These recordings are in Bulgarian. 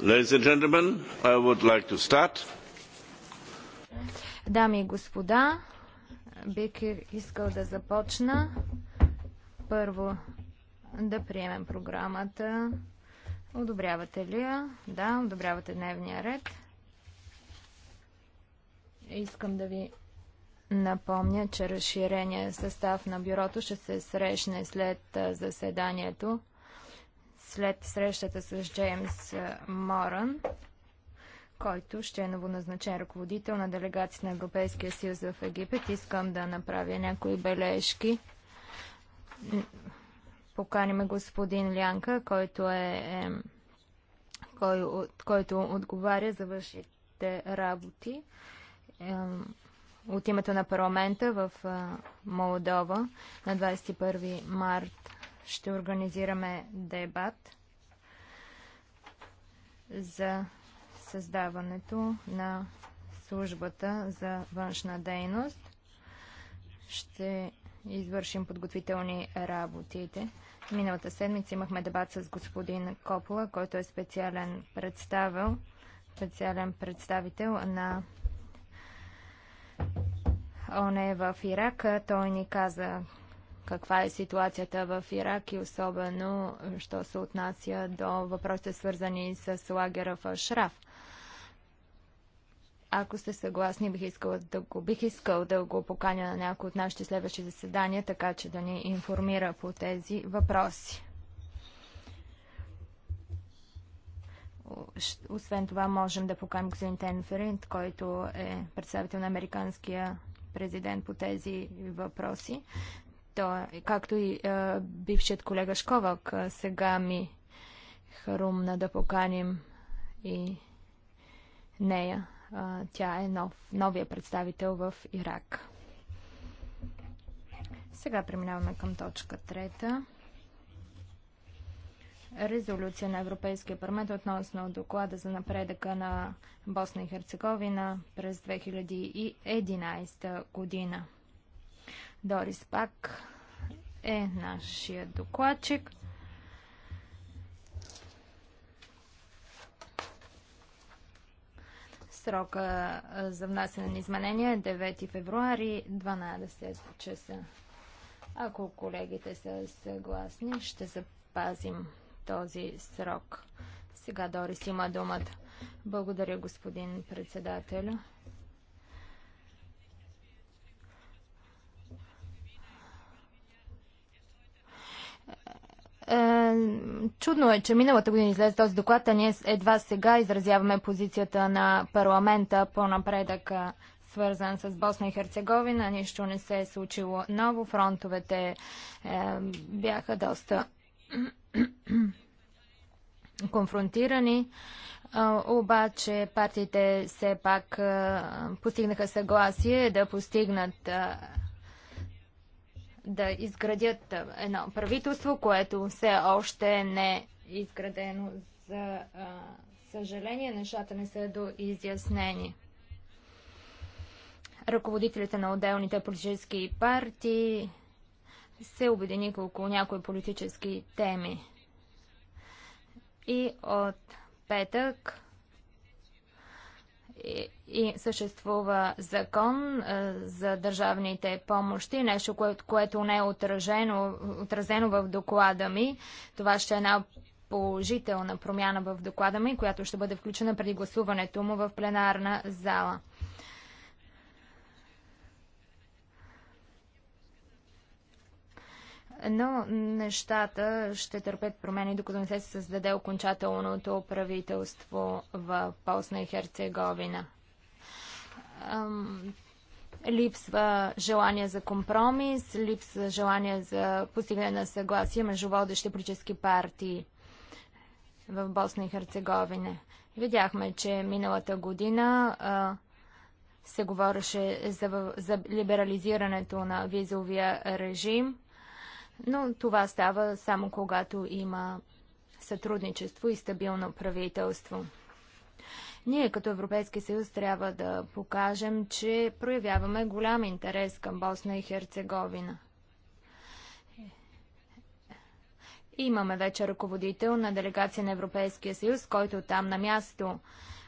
Ladies and gentlemen, I would like to start. Дами и господа, бих искал да започна. Първо да приемем програмата. Одобрявате ли я? Да, одобрявате дневния ред. Искам да ви напомня, че разширения състав на бюрото ще се срещне след заседанието след срещата с Джеймс Моран, който ще е новоназначен ръководител на делегация на Европейския съюз в Египет. Искам да направя някои бележки. Поканиме господин Лянка, който е, е кой, от, който отговаря за вършите работи е, от името на парламента в е, Молдова на 21 март ще организираме дебат за създаването на службата за външна дейност. Ще извършим подготвителни работите. Миналата седмица имахме дебат с господин Копола, който е специален представил, специален представител на ОНЕ в Ирак. Той ни каза каква е ситуацията в Ирак и особено, що се отнася до въпросите свързани с лагера в Шраф. Ако сте съгласни, бих искал да го, бих искал да го поканя на някои от нашите следващи заседания, така че да ни информира по тези въпроси. Освен това, можем да поканим господин Тенферинт, който е представител на американския президент по тези въпроси. Той, както и е, бившият колега Шковак, сега ми хрумна да поканим и нея. тя е нов, новия представител в Ирак. Сега преминаваме към точка трета. Резолюция на Европейския парламент относно доклада за напредъка на Босна и Херцеговина през 2011 година. Дорис Пак е нашия докладчик. Срока за внасяне на изменения е 9 февруари, 12 часа. Ако колегите са съгласни, ще запазим този срок. Сега Дорис има думата. Благодаря, господин председателя. Е, чудно е, че миналата година излезе този доклад, а ние едва сега изразяваме позицията на парламента по напредък е, свързан с Босна и Херцеговина. Нищо не се е случило ново. Фронтовете е, бяха доста конфронтирани. Обаче партиите все пак постигнаха съгласие да постигнат да изградят едно правителство, което все още не е изградено. За а, съжаление, нещата не са до изяснени. Ръководителите на отделните политически партии се обединиха около някои политически теми. И от петък и съществува закон за държавните помощи, нещо, което не е отражено, отразено в доклада ми. Това ще е една положителна промяна в доклада ми, която ще бъде включена преди гласуването му в пленарна зала. но нещата ще търпят промени, докато не се създаде окончателното правителство в Босна и Херцеговина ам, липсва желание за компромис, липсва желание за постигане на съгласие между водещи политически партии в Босна и Херцеговина. Видяхме, че миналата година а, се говореше за, за либерализирането на визовия режим, но това става само когато има сътрудничество и стабилно правителство. Ние като Европейски съюз трябва да покажем, че проявяваме голям интерес към Босна и Херцеговина. Имаме вече ръководител на делегация на Европейския съюз, който там на място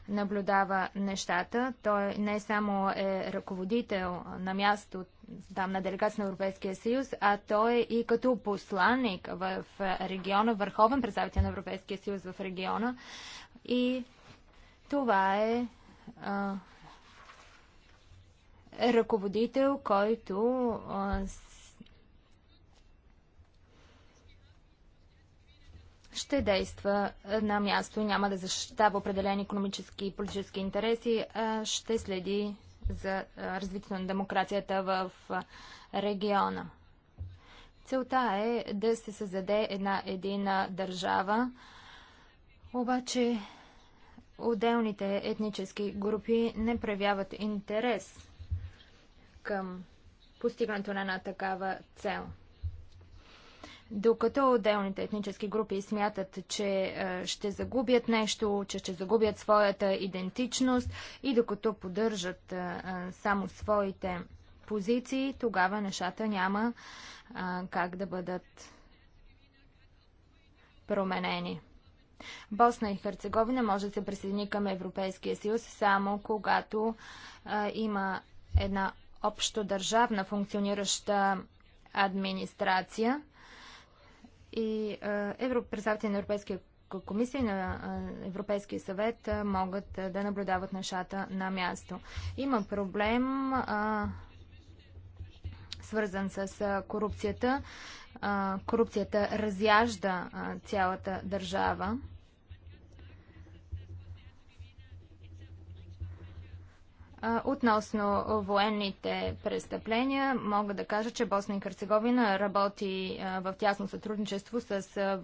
наблюдава нещата. Той не само е ръководител на място там на делегация на Европейския съюз, а той е и като посланник в региона, върховен представител на Европейския съюз в региона и това е а, ръководител, който а, с... ще действа на място, няма да защитава определени економически и политически интереси, а ще следи за развитието на демокрацията в региона. Целта е да се създаде една едина държава, обаче отделните етнически групи не проявяват интерес към постигането на една такава цел. Докато отделните етнически групи смятат, че е, ще загубят нещо, че ще загубят своята идентичност и докато поддържат е, е, само своите позиции, тогава нещата няма как да бъдат променени. Босна и Херцеговина може да се присъедини към Европейския съюз само когато а, има една общо държавна функционираща администрация и представители на Европейския комисия и на Европейския съвет а, могат а, да наблюдават нещата на място. Има проблем а, свързан с корупцията а, корупцията разяжда а, цялата държава. относно военните престъпления, мога да кажа, че Босна и Херцеговина работи в тясно сътрудничество с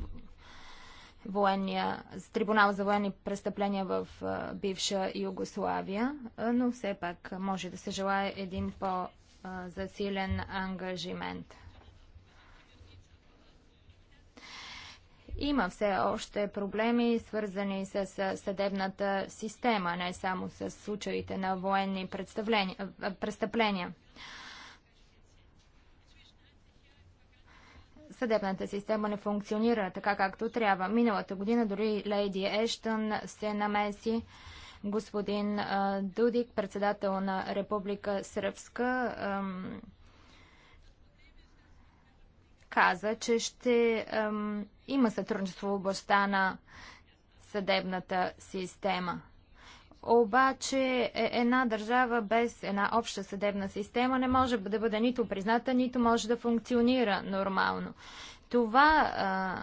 военния, с Трибунал за военни престъпления в бивша Югославия, но все пак може да се желая един по-засилен ангажимент. Има все още проблеми, свързани с съдебната система, не само с случаите на военни престъпления. съдебната система не функционира така както трябва. Миналата година дори Лейди Ештън се намеси. Господин Дудик, председател на Република Сръбска, каза, че ще ем, има сътрудничество в областта на съдебната система. Обаче е, една държава без една обща съдебна система не може да бъде нито призната, нито може да функционира нормално. Това а,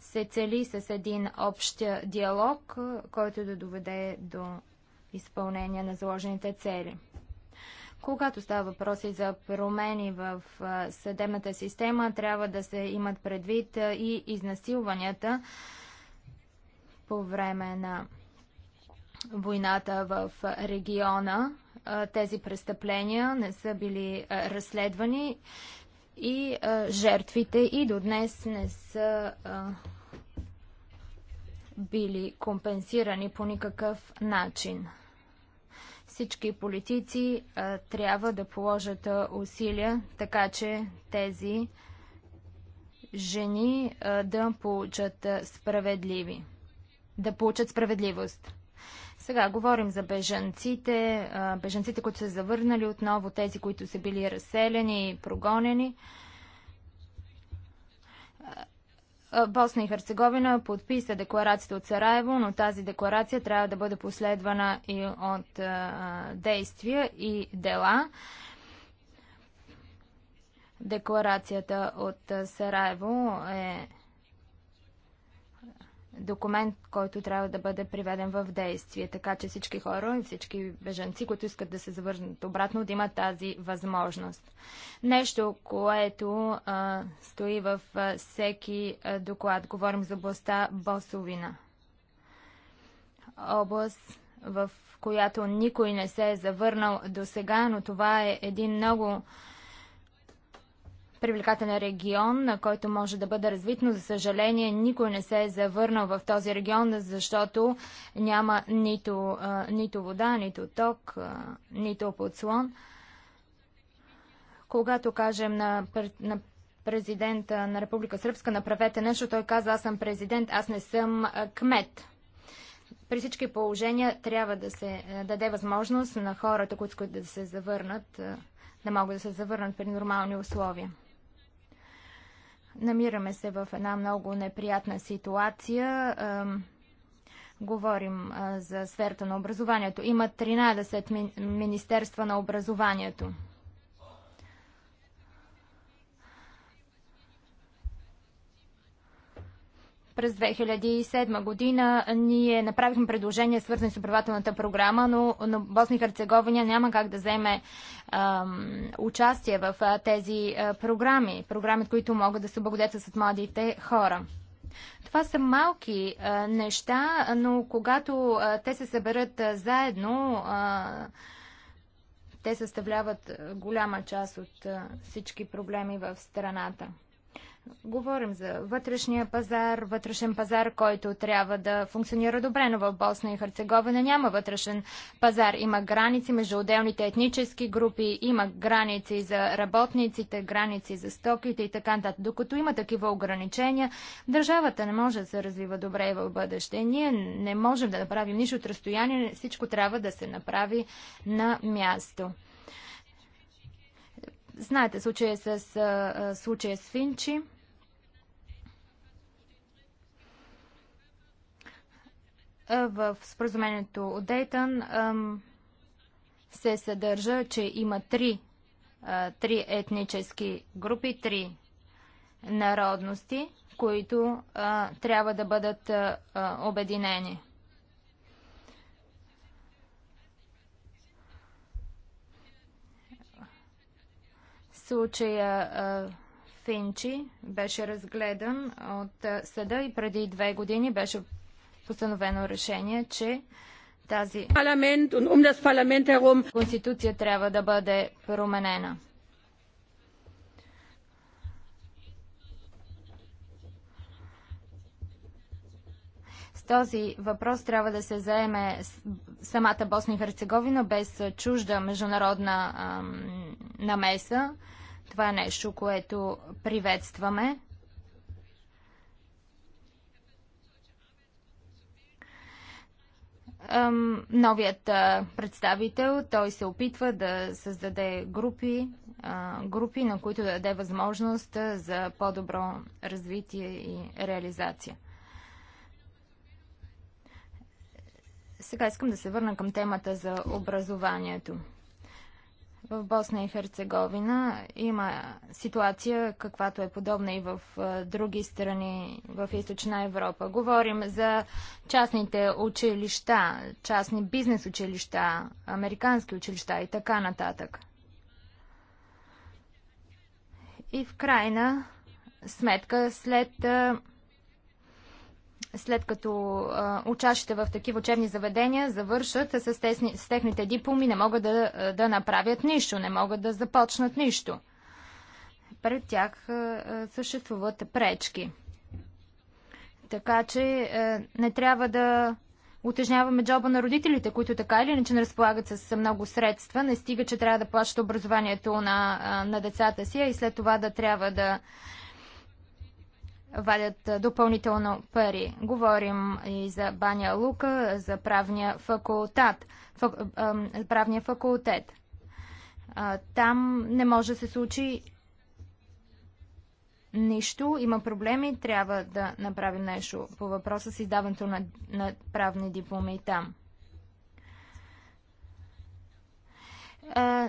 се цели с един общ диалог, който да доведе до изпълнение на заложените цели. Когато става въпроси за промени в съдебната система, трябва да се имат предвид и изнасилванията по време на войната в региона. Тези престъпления не са били разследвани и жертвите и до днес не са били компенсирани по никакъв начин. Всички политици а, трябва да положат усилия, така че тези жени а, да получат справедливи. Да получат справедливост. Сега говорим за бежанците, бежанците, които са завърнали отново, тези, които са били разселени и прогонени. Е, Босна и Херцеговина подписа декларацията от Сараево, но тази декларация трябва да бъде последвана и от е, действия и дела. Декларацията от е, Сараево е документ, който трябва да бъде приведен в действие, така че всички хора и всички бежанци, които искат да се завърнат обратно, да имат тази възможност. Нещо, което а, стои в а, всеки а, доклад. Говорим за областта Босовина. Област, в която никой не се е завърнал до сега, но това е един много а, привлекателен регион, на който може да бъде развит, но за съжаление никой не се е завърнал в този регион, защото няма нито, а, нито вода, нито ток, а, нито подслон. Когато кажем на, на президента на Република Сръбска, направете нещо, той каза, аз съм президент, аз не съм кмет. При всички положения трябва да се даде възможност на хората, които да се завърнат, да могат да се завърнат при нормални условия. Намираме се в една много неприятна ситуация. Говорим за сферата на образованието. Има 13 министерства на образованието. През 2007 година ние направихме предложение свързани с управателната програма, но, но Босна и Херцеговина няма как да вземе участие в а, тези а, програми, програми, които могат да се с младите хора. Това са малки а, неща, но когато а, те се съберат а, заедно, а, те съставляват голяма част от а, всички проблеми в страната. Говорим за вътрешния пазар, вътрешен пазар, който трябва да функционира добре, но в Босна и Херцеговина няма вътрешен пазар. Има граници между отделните етнически групи, има граници за работниците, граници за стоките и така нататък. Докато има такива ограничения, държавата не може да се развива добре и в бъдеще. Ние не можем да направим нищо от разстояние, всичко трябва да се направи на място. Знаете случая с, случая с Финчи. в споразумението от Дейтън се съдържа, че има три, три етнически групи, три народности, които трябва да бъдат обединени. Случая Финчи беше разгледан от съда и преди две години беше постановено решение, че тази um конституция трябва да бъде променена. С този въпрос трябва да се заеме самата Босна и Херцеговина без чужда международна намеса. Това е нещо, което приветстваме. новият представител, той се опитва да създаде групи, групи, на които да даде възможност за по-добро развитие и реализация. Сега искам да се върна към темата за образованието. В Босна и Херцеговина има ситуация, каквато е подобна и в други страни в Източна Европа. Говорим за частните училища, частни бизнес училища, американски училища и така нататък. И в крайна сметка, след след като а, учащите в такива учебни заведения завършат с, тесни, с техните дипломи, не могат да, да направят нищо, не могат да започнат нищо. Пред тях а, съществуват пречки. Така че а, не трябва да утежняваме джоба на родителите, които така или иначе не разполагат с много средства. Не стига, че трябва да плащат образованието на, на децата си, а и след това да трябва да вадят допълнително пари. Говорим и за Баня Лука, за правния факултет. Фак, правния факултет. Там не може да се случи нищо, има проблеми, трябва да направим нещо по въпроса с издаването на, на правни дипломи там. А,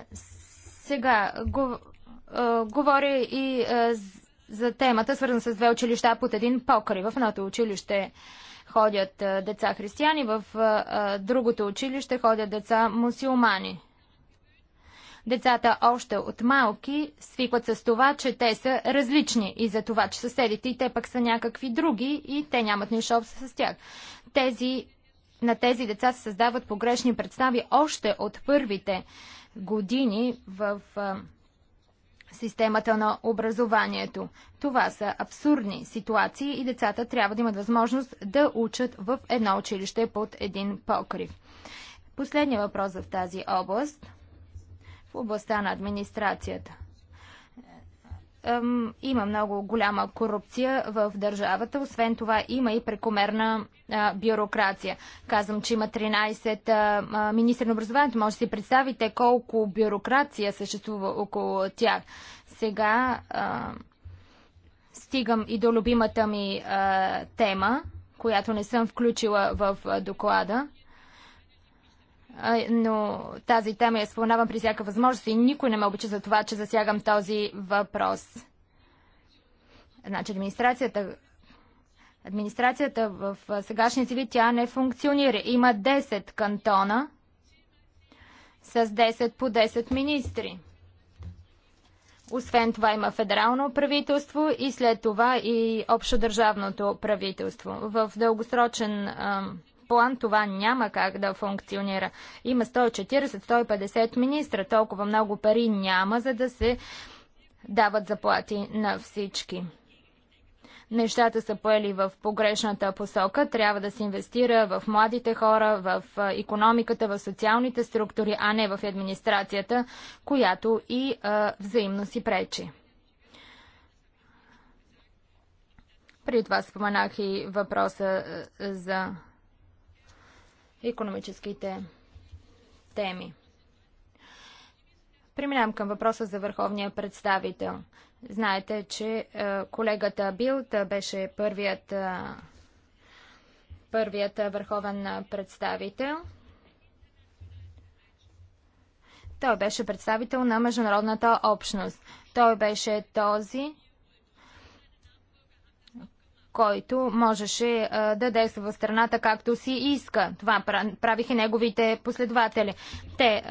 сега, го, а, говоря и а, за темата, свързана с две училища под един покрив. В едното училище ходят деца християни, в другото училище ходят деца мусулмани. Децата още от малки свикват с това, че те са различни и за това, че съседите и те пък са някакви други и те нямат нищо общо с тях. Тези, на тези деца се създават погрешни представи още от първите години в системата на образованието. Това са абсурдни ситуации и децата трябва да имат възможност да учат в едно училище под един покрив. Последният въпрос в тази област в областта на администрацията – има много голяма корупция в държавата. Освен това има и прекомерна бюрокрация. Казвам, че има 13 министри на образованието. Може да си представите колко бюрокрация съществува около тях. Сега стигам и до любимата ми тема, която не съм включила в доклада но тази тема я споменавам при всяка възможност и никой не ме обича за това, че засягам този въпрос. Значи администрацията, администрацията в сегашния си вид тя не функционира. Има 10 кантона с 10 по 10 министри. Освен това има федерално правителство и след това и общодържавното правителство. В дългосрочен план това няма как да функционира. Има 140-150 министра, толкова много пари няма, за да се дават заплати на всички. Нещата са поели в погрешната посока. Трябва да се инвестира в младите хора, в економиката, в социалните структури, а не в администрацията, която и а, взаимно си пречи. При това споменах и въпроса за економическите теми. Преминавам към въпроса за върховния представител. Знаете, че е, колегата Билт беше първият, е, първият върховен представител. Той беше представител на международната общност. Той беше този, който можеше да действа в страната както си иска. Това правиха неговите последователи. Те,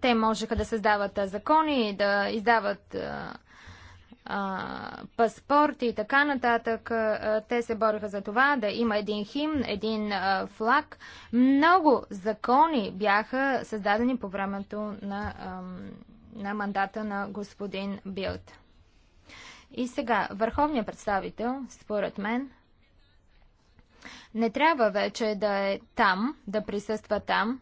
те можеха да създават закони, да издават паспорти и така нататък. Те се бориха за това да има един химн, един флаг. Много закони бяха създадени по времето на, на мандата на господин Билт. И сега, върховният представител, според мен, не трябва вече да е там, да присъства там.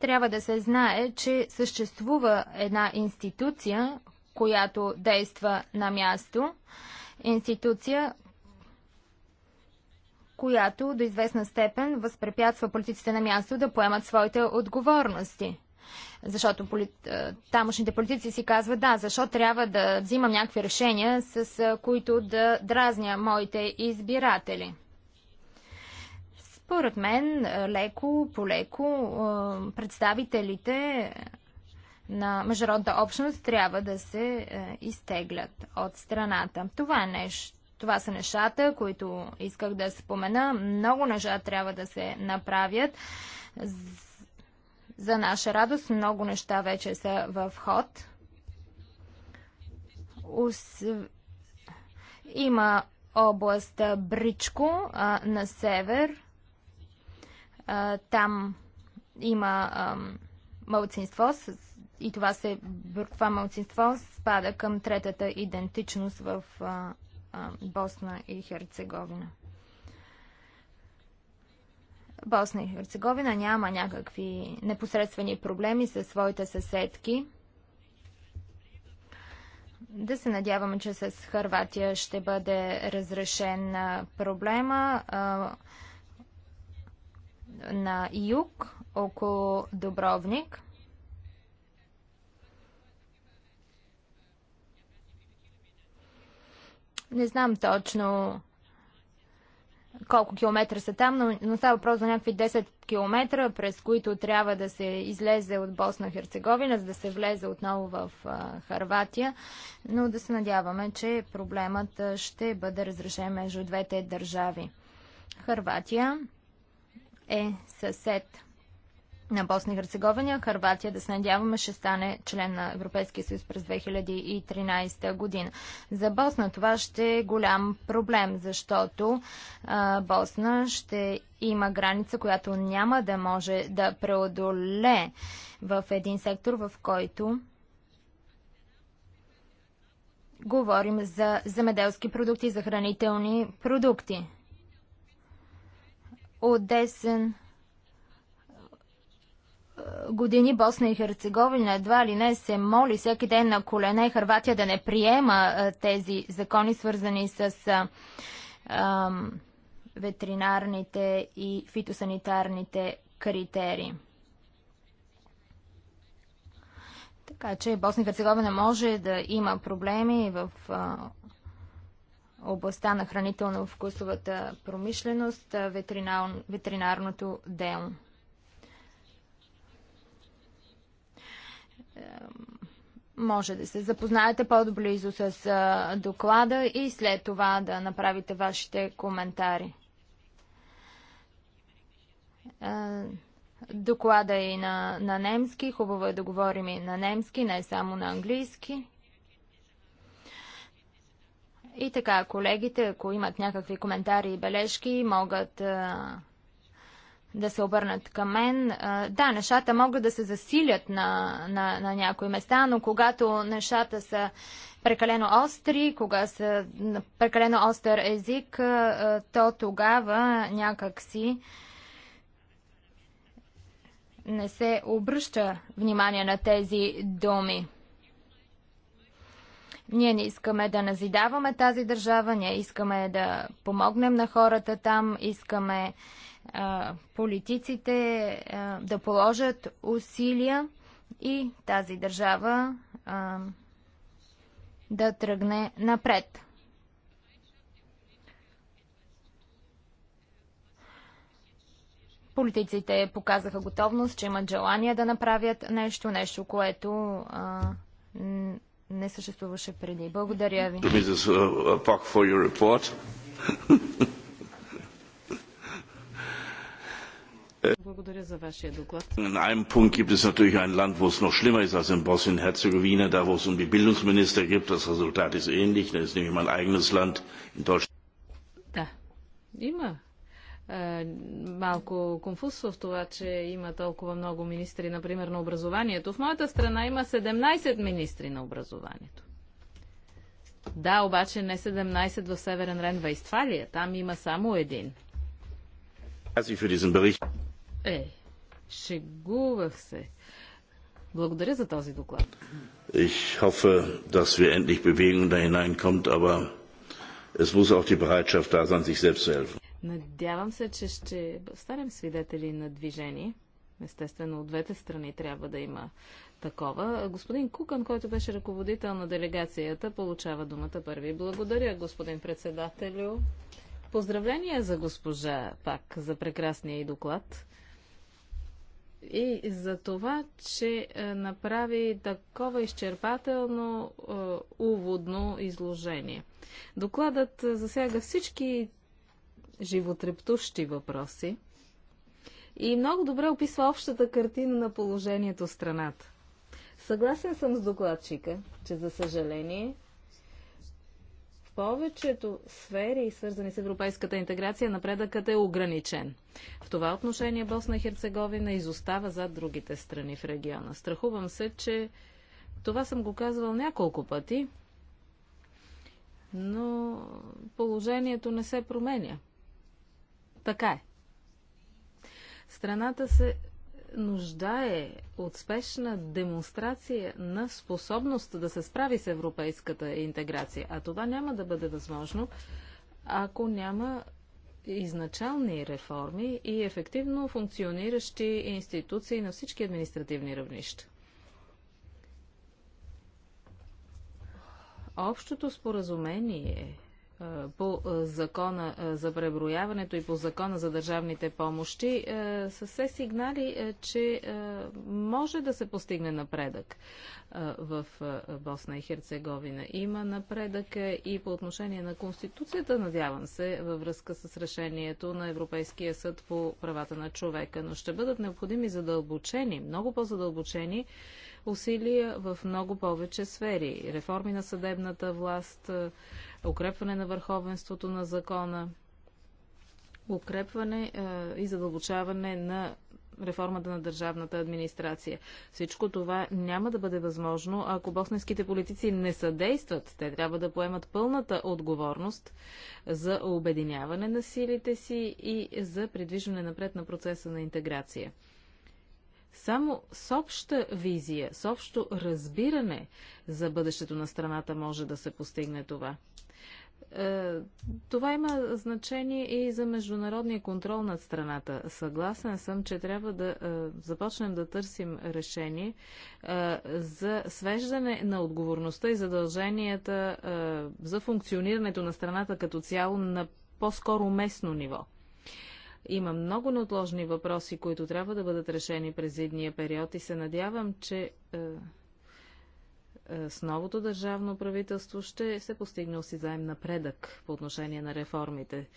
трябва да се знае, че съществува една институция, която действа на място. Институция, която до известна степен възпрепятства политиците на място да поемат своите отговорности. Защото поли... Е, тамошните политици си казват, да, защо трябва да взимам някакви решения, с е, които да дразня моите избиратели. Според мен, е, леко, полеко, представителите на международната общност трябва да се изтеглят от страната. Това е нещо това са нещата, които исках да спомена. Много неща трябва да се направят. За наша радост много неща вече са в ход. Има област Бричко а, на север. А, там има а, мълцинство с, и това, се, това мълцинство спада към третата идентичност в а, Босна и Херцеговина. Босна и Херцеговина няма някакви непосредствени проблеми със своите съседки. Да се надяваме, че с Харватия ще бъде разрешен проблема на юг около Добровник. Не знам точно колко километра са там, но, но става въпрос за някакви 10 километра, през които трябва да се излезе от Босна Херцеговина, за да се влезе отново в а, Харватия. Но да се надяваме, че проблемът ще бъде разрешен между двете държави. Харватия е съсед на Босна и Херцеговина. Харватия, да се надяваме, ще стане член на Европейския съюз през 2013 година. За Босна това ще е голям проблем, защото а, Босна ще има граница, която няма да може да преодоле в един сектор, в който говорим за земеделски продукти, за хранителни продукти. Одесен години Босна и Херцеговина едва ли не се моли всеки ден на колене и Харватия да не приема тези закони, свързани с ветеринарните и фитосанитарните критерии. Така че Босна и Херцеговина може да има проблеми в областта на хранително-вкусовата промишленост, ветеринарното дело. може да се запознаете по-близо с доклада и след това да направите вашите коментари. Е, доклада е и на, на немски. Хубаво е да говорим и на немски, не само на английски. И така, колегите, ако имат някакви коментари и бележки, могат а, е, да се обърнат към мен. Да, нещата могат да се засилят на, на, на някои места, но когато нещата са прекалено остри, кога са прекалено остър език, то тогава някакси не се обръща внимание на тези думи. Ние не искаме да назидаваме тази държава, ние искаме да помогнем на хората там, искаме политиците да положат усилия и тази държава да тръгне напред. Политиците показаха готовност, че имат желание да направят нещо, нещо, което а, не съществуваше преди. Благодаря ви. In einem Punkt gibt es natürlich ein Land, wo es noch schlimmer ist als in Bosnien-Herzegowina, da wo es um die Bildungsminister geht. Das Resultat ist ähnlich. Das ist nämlich mein eigenes Land in Deutschland. Да, има малко конфуз в това, че има толкова много министри, например, на образованието. В моята страна има 17 министри на образованието. Да, обаче не 17 в Северен Рен, Вестфалия. Там има само един. Е, шегувах се. Благодаря за този доклад. Ich hoffe, dass wir endlich Bewegung da hineinkommt, aber es muss auch die Bereitschaft da sein, sich selbst zu helfen. Надявам се, че ще станем свидетели на движение. Естествено, от двете страни трябва да има такова. Господин Кукан, който беше ръководител на делегацията, получава думата първи. Благодаря, господин председателю. Поздравления за госпожа Пак за прекрасния и доклад и за това, че е, направи такова изчерпателно е, уводно изложение. Докладът е, засяга всички животрептущи въпроси и много добре описва общата картина на положението в страната. Съгласен съм с докладчика, че за съжаление повечето сфери, свързани с европейската интеграция, напредъкът е ограничен. В това отношение Босна и Херцеговина изостава зад другите страни в региона. Страхувам се, че това съм го казвал няколко пъти, но положението не се променя. Така е. Страната се нуждае от спешна демонстрация на способност да се справи с европейската интеграция. А това няма да бъде възможно, ако няма изначални реформи и ефективно функциониращи институции на всички административни равнища. Общото споразумение е, по е, закона е, за преброяването и по закона за държавните помощи са все сигнали, че може да се постигне напредък в Босна и Херцеговина. Има напредък и по отношение на Конституцията, надявам се, във връзка с решението на Европейския съд по правата на човека, но ще бъдат необходими задълбочени, много по-задълбочени усилия в много повече сфери. Реформи на съдебната власт, укрепване на върховенството на закона, укрепване е, и задълбочаване на реформата на държавната администрация. Всичко това няма да бъде възможно, ако босненските политици не съдействат. Те трябва да поемат пълната отговорност за обединяване на силите си и за придвижване напред на процеса на интеграция. Само с обща визия, с общо разбиране за бъдещето на страната може да се постигне това. Е, това има значение и за международния контрол над страната. Съгласен съм, че трябва да е, започнем да търсим решение е, за свеждане на отговорността и задълженията за функционирането на страната като цяло на по-скоро местно ниво. Има много неотложни въпроси, които трябва да бъдат решени през едния период и се надявам, че е, с новото държавно правителство ще се постигне осизаем напредък по отношение на реформите.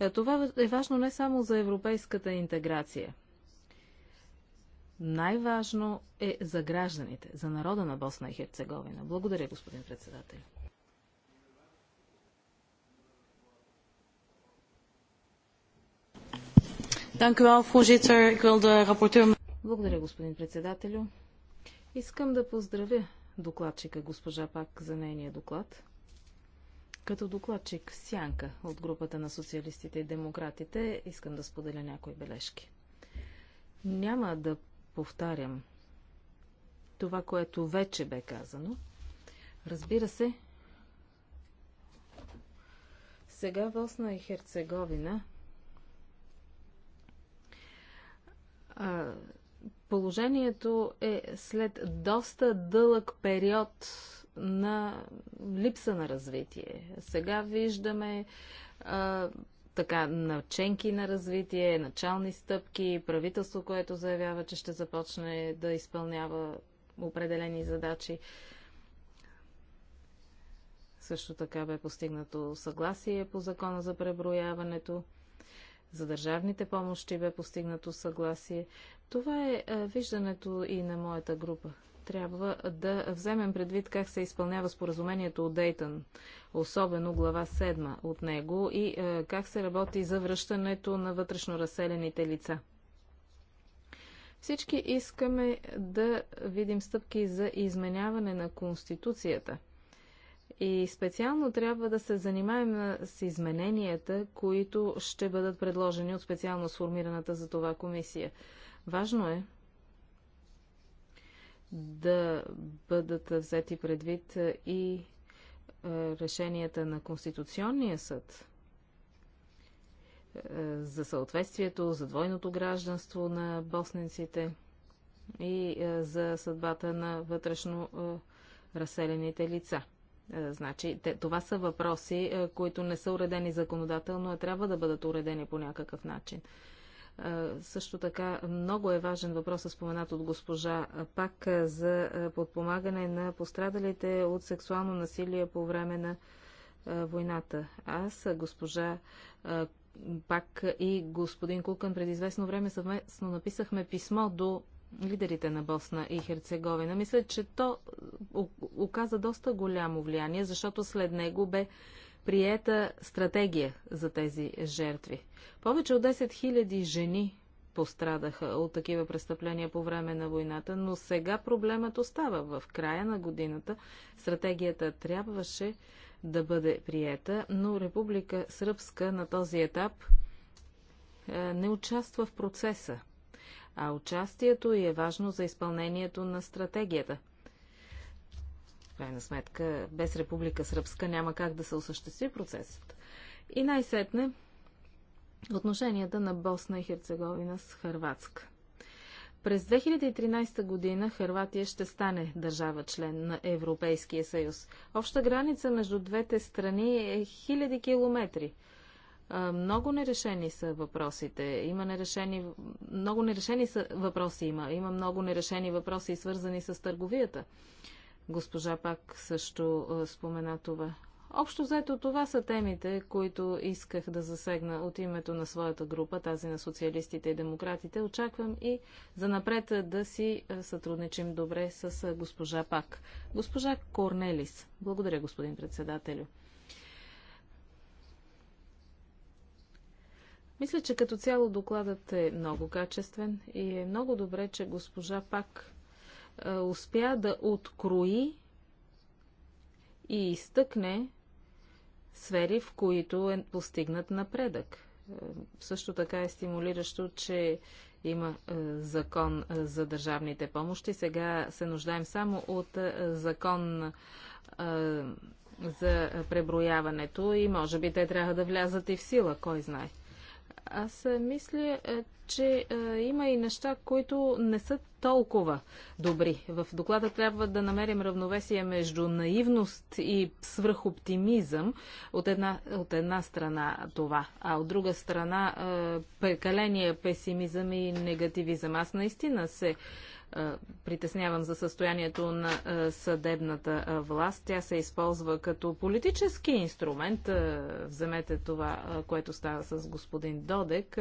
Е, това е важно не само за европейската интеграция. Най-важно е за гражданите, за народа на Босна и Херцеговина. Благодаря, господин председател. Благодаря, господин председателю. Искам да поздравя докладчика госпожа Пак за нейния доклад. Като докладчик Сянка от групата на социалистите и демократите искам да споделя някои бележки. Няма да повтарям това, което вече бе казано. Разбира се, сега Босна и Херцеговина а, Положението е след доста дълъг период на липса на развитие. Сега виждаме а, така, наченки на развитие, начални стъпки, правителство, което заявява, че ще започне да изпълнява определени задачи. Също така бе постигнато съгласие по закона за преброяването. За държавните помощи бе постигнато съгласие. Това е, е виждането и на моята група. Трябва да вземем предвид как се изпълнява споразумението от Дейтън, особено глава 7 от него и е, как се работи за връщането на вътрешно разселените лица. Всички искаме да видим стъпки за изменяване на Конституцията – и специално трябва да се занимаем с измененията, които ще бъдат предложени от специално сформираната за това комисия. Важно е да бъдат взети предвид и решенията на Конституционния съд за съответствието, за двойното гражданство на босненците и за съдбата на вътрешно разселените лица. Е, значи, това са въпроси, е, които не са уредени законодателно, а трябва да бъдат уредени по някакъв начин. Е, също така много е важен въпрос, споменат от госпожа Пак, за подпомагане на пострадалите от сексуално насилие по време на войната. Аз, госпожа Пак и господин Кукан, преди известно време съвместно написахме писмо до лидерите на Босна и Херцеговина. Мисля, че то е, оказа доста голямо влияние, защото след него бе приета стратегия за тези жертви. Повече от 10 000 жени пострадаха от такива престъпления по време на войната, но сега проблемът остава. В края на годината стратегията трябваше да бъде приета, но Република Сръбска на този етап е, не участва в процеса а участието й е важно за изпълнението на стратегията. В крайна сметка, без Република Сръбска няма как да се осъществи процесът. И най-сетне отношенията на Босна и Херцеговина с Харватска. През 2013 година Хърватия ще стане държава член на Европейския съюз. Обща граница между двете страни е хиляди километри. Много нерешени са въпросите. Има нерешени, много нерешени са въпроси има. Има много нерешени въпроси, свързани с търговията. Госпожа пак също спомена това. Общо заето това са темите, които исках да засегна от името на своята група, тази на социалистите и демократите. Очаквам и за напред да си сътрудничим добре с госпожа Пак. Госпожа Корнелис. Благодаря, господин председателю. Мисля, че като цяло докладът е много качествен и е много добре, че госпожа пак е, успя да открои и изтъкне сфери, в които е постигнат напредък. Е, също така е стимулиращо, че има е, закон е, за държавните помощи. Сега се нуждаем само от е, закон е, за преброяването и може би те трябва да влязат и в сила, кой знае. Аз мисля, е, че е, има и неща, които не са толкова добри. В доклада трябва да намерим равновесие между наивност и свръхоптимизъм от една, от една страна това, а от друга страна е, прекаления песимизъм и негативизъм. Аз наистина се е, притеснявам за състоянието на е, съдебната е, власт. Тя се използва като политически инструмент. Вземете това, което става с господин Додек.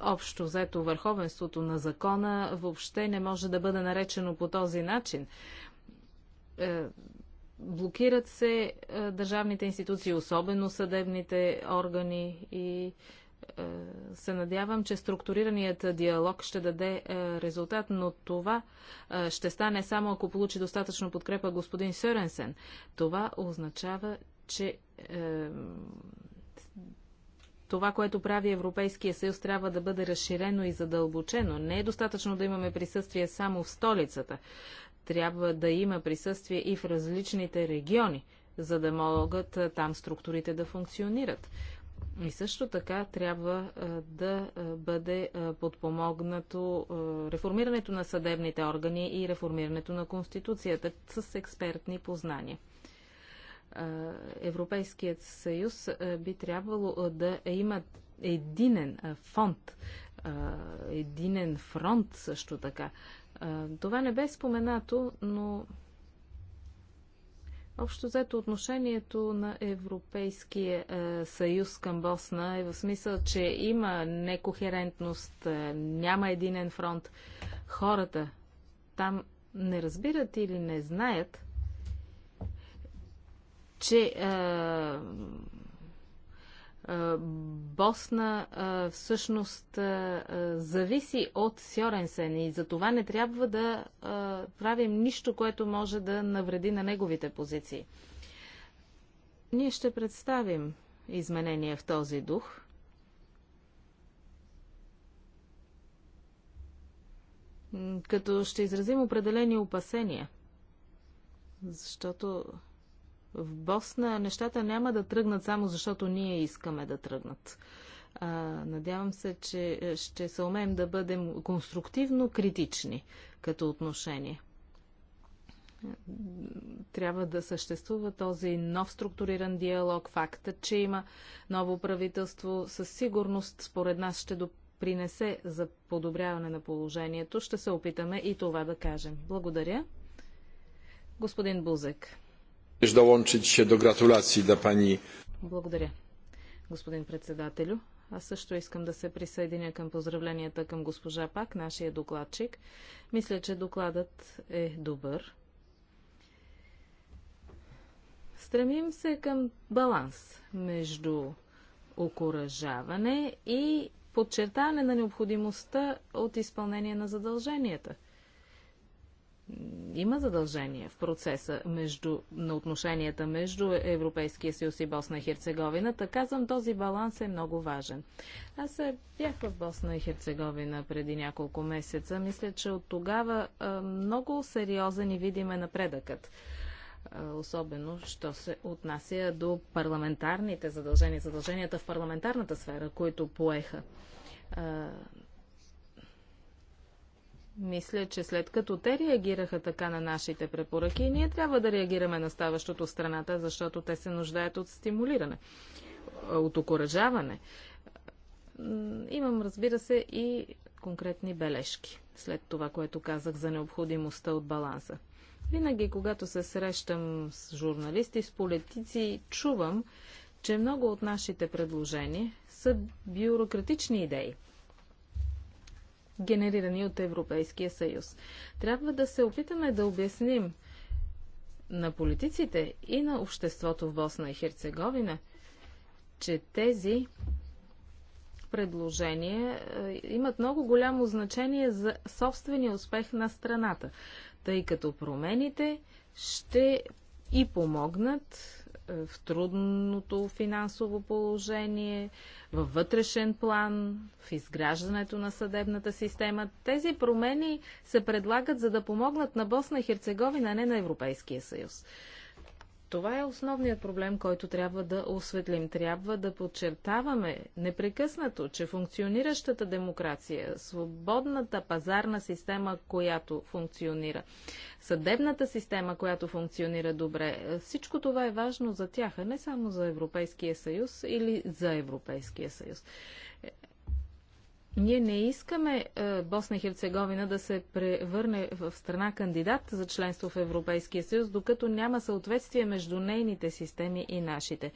Общо взето върховенството на закона въобще не може да бъде наречено по този начин. Блокират се държавните институции, особено съдебните органи и е, се надявам, че структурираният диалог ще даде е, резултат, но това е, ще стане само ако получи достатъчно подкрепа господин Съренсен. Това означава, че това, което прави Европейския съюз, трябва да бъде разширено и задълбочено. Не е достатъчно да имаме присъствие само в столицата. Трябва да има присъствие и в различните региони, за да могат там структурите да функционират. И също така трябва да бъде подпомогнато реформирането на съдебните органи и реформирането на Конституцията с експертни познания. Европейският съюз би трябвало да има единен фонд, единен фронт също така. Това не бе споменато, но Общо взето отношението на Европейския е, съюз към Босна е в смисъл, че има некохерентност, е, няма единен фронт. Хората там не разбират или не знаят, че е, Босна всъщност зависи от Сьоренсен и за това не трябва да правим нищо, което може да навреди на неговите позиции. Ние ще представим изменения в този дух. Като ще изразим определени опасения, защото в Босна нещата няма да тръгнат само защото ние искаме да тръгнат. А, надявам се, че е, ще се умеем да бъдем конструктивно критични като отношение. Трябва да съществува този нов структуриран диалог. Факта, че има ново правителство, със сигурност според нас ще допринесе за подобряване на положението. Ще се опитаме и това да кажем. Благодаря. Господин Бузек się gratulacji dla pani. Благодаря, господин председателю. Аз също искам да се присъединя към поздравленията към госпожа Пак, нашия докладчик. Мисля, че докладът е добър. Стремим се към баланс между окоръжаване и подчертаване на необходимостта от изпълнение на задълженията – има задължение в процеса между, на отношенията между Европейския съюз и Босна и Херцеговина. Та казвам, този баланс е много важен. Аз е, бях в Босна и Херцеговина преди няколко месеца. Мисля, че от тогава много сериозен и видим е напредъкът. Особено, що се отнася до парламентарните задължения, задълженията в парламентарната сфера, които поеха мисля, че след като те реагираха така на нашите препоръки, ние трябва да реагираме на ставащото страната, защото те се нуждаят от стимулиране, от окоръжаване. Имам, разбира се, и конкретни бележки след това, което казах за необходимостта от баланса. Винаги, когато се срещам с журналисти, с политици, чувам, че много от нашите предложения са бюрократични идеи – генерирани от Европейския съюз. Трябва да се опитаме да обясним на политиците и на обществото в Босна и Херцеговина, че тези предложения е, имат много голямо значение за собствения успех на страната, тъй като промените ще и помогнат е, в трудното финансово положение, във вътрешен план, в изграждането на съдебната система. Тези промени се предлагат за да помогнат на Босна и Херцеговина, а не на Европейския съюз. Това е основният проблем, който трябва да осветлим. Трябва да подчертаваме непрекъснато, че функциониращата демокрация, свободната пазарна система, която функционира, съдебната система, която функционира добре, всичко това е важно за тях, а не само за Европейския съюз или за Европейския съюз. Ние не искаме е, Босна и Херцеговина да се превърне в страна кандидат за членство в Европейския съюз, докато няма съответствие между нейните системи и нашите.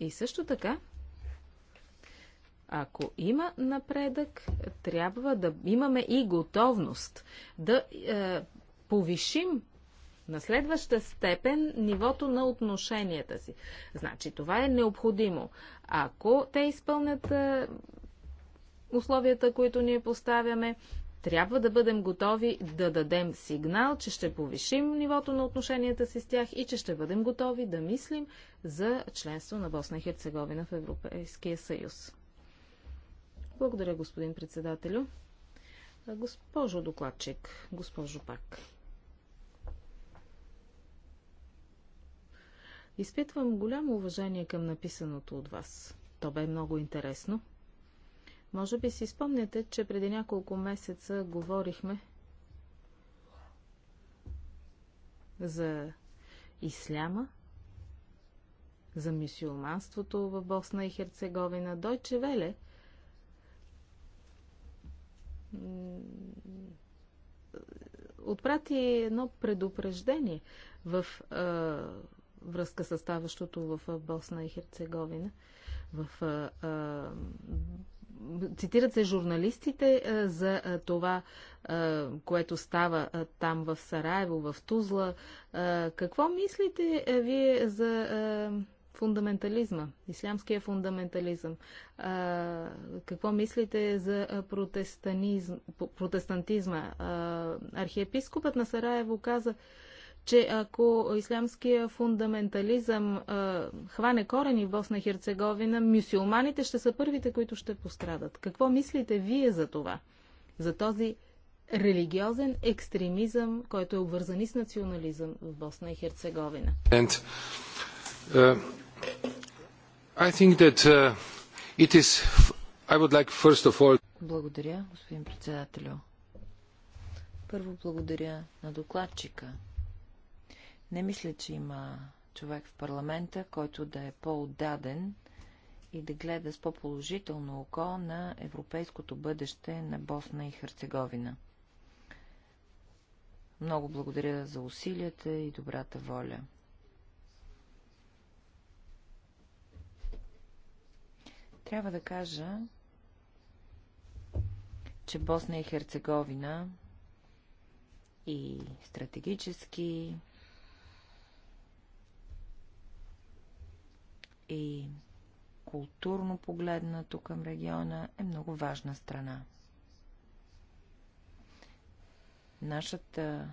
И също така, ако има напредък, трябва да имаме и готовност да е, повишим на следваща степен нивото на отношенията си. Значи това е необходимо. Ако те изпълнят е, условията, които ние поставяме, трябва да бъдем готови да дадем сигнал, че ще повишим нивото на отношенията си с тях и че ще бъдем готови да мислим за членство на Босна и Херцеговина в Европейския съюз. Благодаря, господин председателю. Госпожо докладчик, госпожо Пак. Изпитвам голямо уважение към написаното от вас. То бе много интересно – може би си спомняте, че преди няколко месеца говорихме за исляма, за мисиоманството в Босна и Херцеговина. Дойче Веле отпрати едно предупреждение в връзка с ставащото в Босна и Херцеговина. В а, а, Цитират се журналистите за това, което става там в Сараево, в Тузла. Какво мислите вие за фундаментализма, ислямския фундаментализъм? Какво мислите за протестантизма? Архиепископът на Сараево каза, че ако ислямския фундаментализъм а, хване корени в Босна и Херцеговина, мюсюлманите ще са първите, които ще пострадат. Какво мислите вие за това? За този религиозен екстремизъм, който е обвързан и с национализъм в Босна и Херцеговина? And, uh, I think that, uh, it is, I would like first of all... Благодаря, господин председателю. Първо благодаря на докладчика не мисля, че има човек в парламента, който да е по-отдаден и да гледа с по-положително око на европейското бъдеще на Босна и Херцеговина. Много благодаря за усилията и добрата воля. Трябва да кажа, че Босна и Херцеговина и стратегически, и културно погледнато към региона е много важна страна. Нашата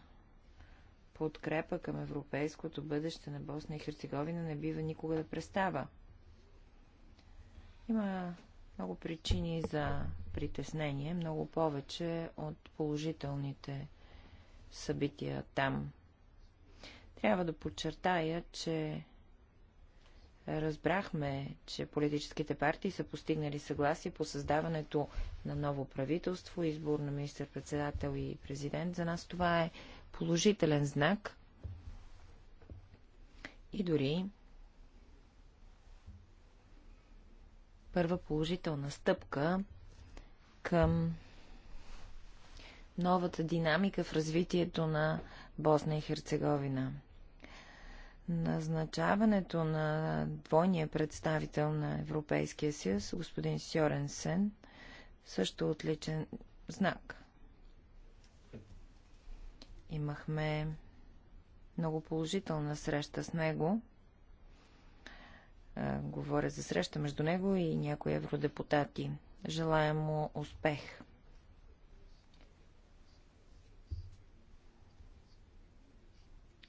подкрепа към европейското бъдеще на Босна и Херцеговина не бива никога да престава. Има много причини за притеснение, много повече от положителните събития там. Трябва да подчертая, че разбрахме, че политическите партии са постигнали съгласие по създаването на ново правителство, избор на министър-председател и президент. За нас това е положителен знак и дори първа положителна стъпка към новата динамика в развитието на Босна и Херцеговина назначаването на двойния представител на Европейския съюз, господин Сьоренсен, също отличен знак. Имахме много положителна среща с него. Говоря за среща между него и някои евродепутати. Желая му успех.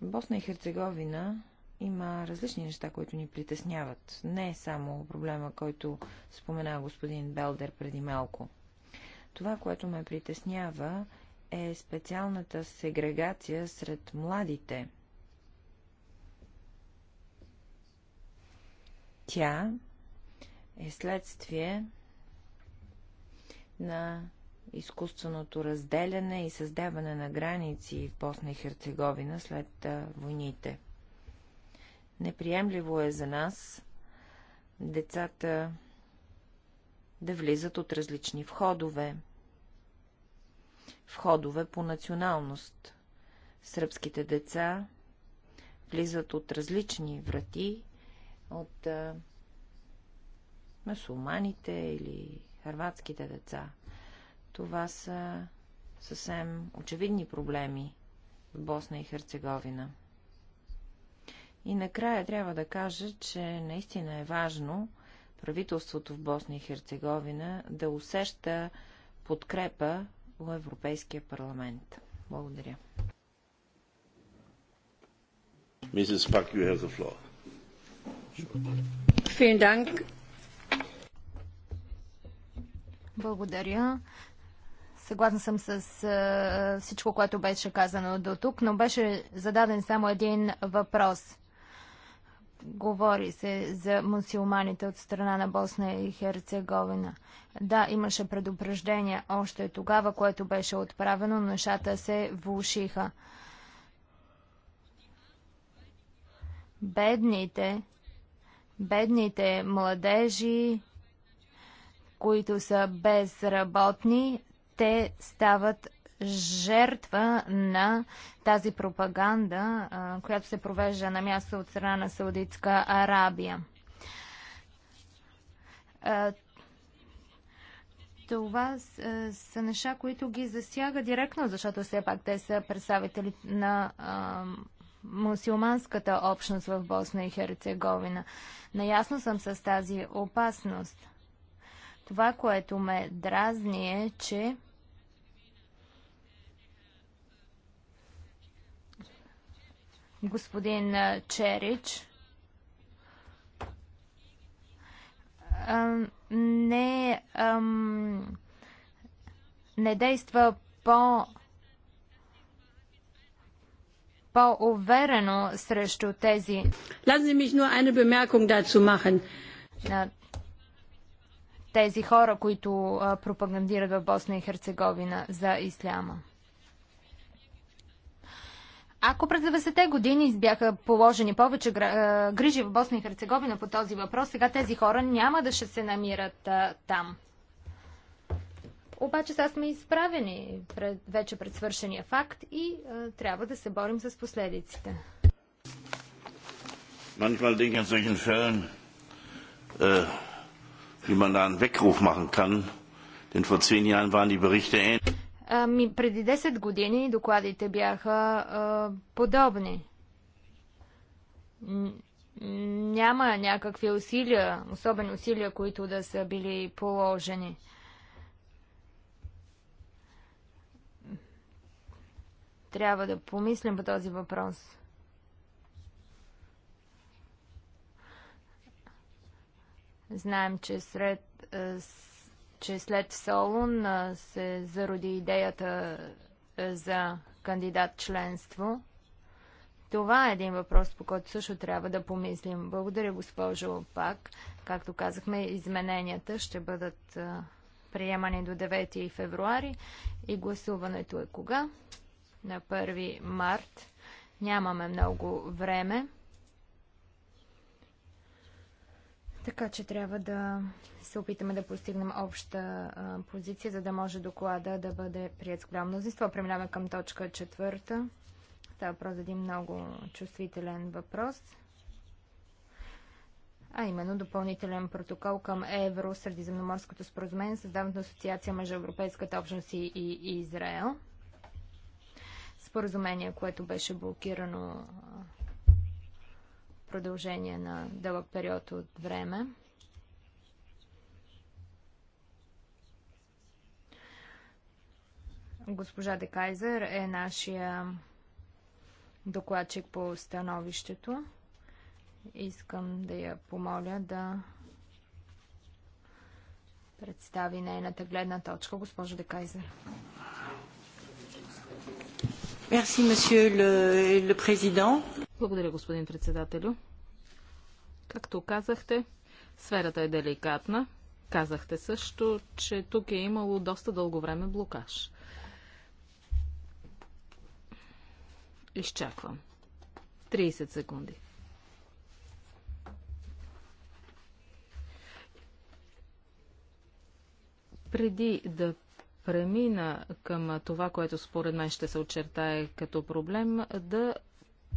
Босна и Херцеговина има различни неща, които ни притесняват. Не е само проблема, който спомена господин Белдер преди малко. Това, което ме притеснява, е специалната сегрегация сред младите. Тя е следствие на изкуственото разделяне и създаване на граници в Босна и Херцеговина след войните. Неприемливо е за нас децата да влизат от различни входове. Входове по националност. Сръбските деца влизат от различни врати, от а, мусулманите или харватските деца. Това са съвсем очевидни проблеми в Босна и Херцеговина. И накрая трябва да кажа, че наистина е важно правителството в Босна и Херцеговина да усеща подкрепа в Европейския парламент. Благодаря. Mrs. you have the floor. Благодаря. Съгласна съм с а, всичко, което беше казано до тук, но беше зададен само един въпрос. Говори се за мусулманите от страна на Босна и Херцеговина. Да, имаше предупреждение още тогава, което беше отправено, но нещата се влушиха. Бедните, бедните младежи, които са безработни, те стават жертва на тази пропаганда, която се провежда на място от страна на Саудитска Арабия. Това са неща, които ги засяга директно, защото все пак те са представители на мусулманската общност в Босна и Херцеговина. Наясно съм с тази опасност. Това, което ме дразни е, че господин Черич. Не, не действа по по-уверено срещу тези. Lassen Sie mich nur eine Bemerkung dazu machen тези хора, които пропагандират в Босна и Херцеговина за исляма. Ако през 90-те години бяха положени повече грижи в Босна и Херцеговина по този въпрос, сега тези хора няма да ще се намират а, там. Обаче сега сме изправени пред, вече пред свършения факт и а, трябва да се борим с последиците. Manchmal denke ich an solchen Fällen, äh, wie man da einen Weckruf machen kann, denn vor zehn Jahren waren die Berichte ähnlich. Ами, преди 10 години докладите бяха а, подобни. Няма някакви усилия, особени усилия, които да са били положени. Трябва да помислим по този въпрос. Знаем, че сред че след Солун се зароди идеята е, за кандидат членство. Това е един въпрос, по който също трябва да помислим. Благодаря, госпожо Пак. Както казахме, измененията ще бъдат приемани до 9 февруари и гласуването е кога? На 1 март. Нямаме много време. Така че трябва да се опитаме да постигнем обща позиция, за да може доклада да бъде прият с голямо мнозинство. Преминаваме към точка четвърта. Става въпрос за един много чувствителен въпрос. А именно допълнителен протокол към Евро Средиземноморското споразумение, създаването на асоциация между Европейската общност и Израел. Споразумение, което беше блокирано продължение на дълъг период от време. Госпожа Декайзер е нашия докладчик по становището. Искам да я помоля да представи нейната гледна точка. Госпожо Декайзер. Merci, monsieur le, le président. Благодаря, господин председателю. Както казахте, сферата е деликатна. Казахте също, че тук е имало доста дълго време блокаж. Изчаквам. 30 секунди. Преди да премина към това, което според мен ще се очертае като проблем, да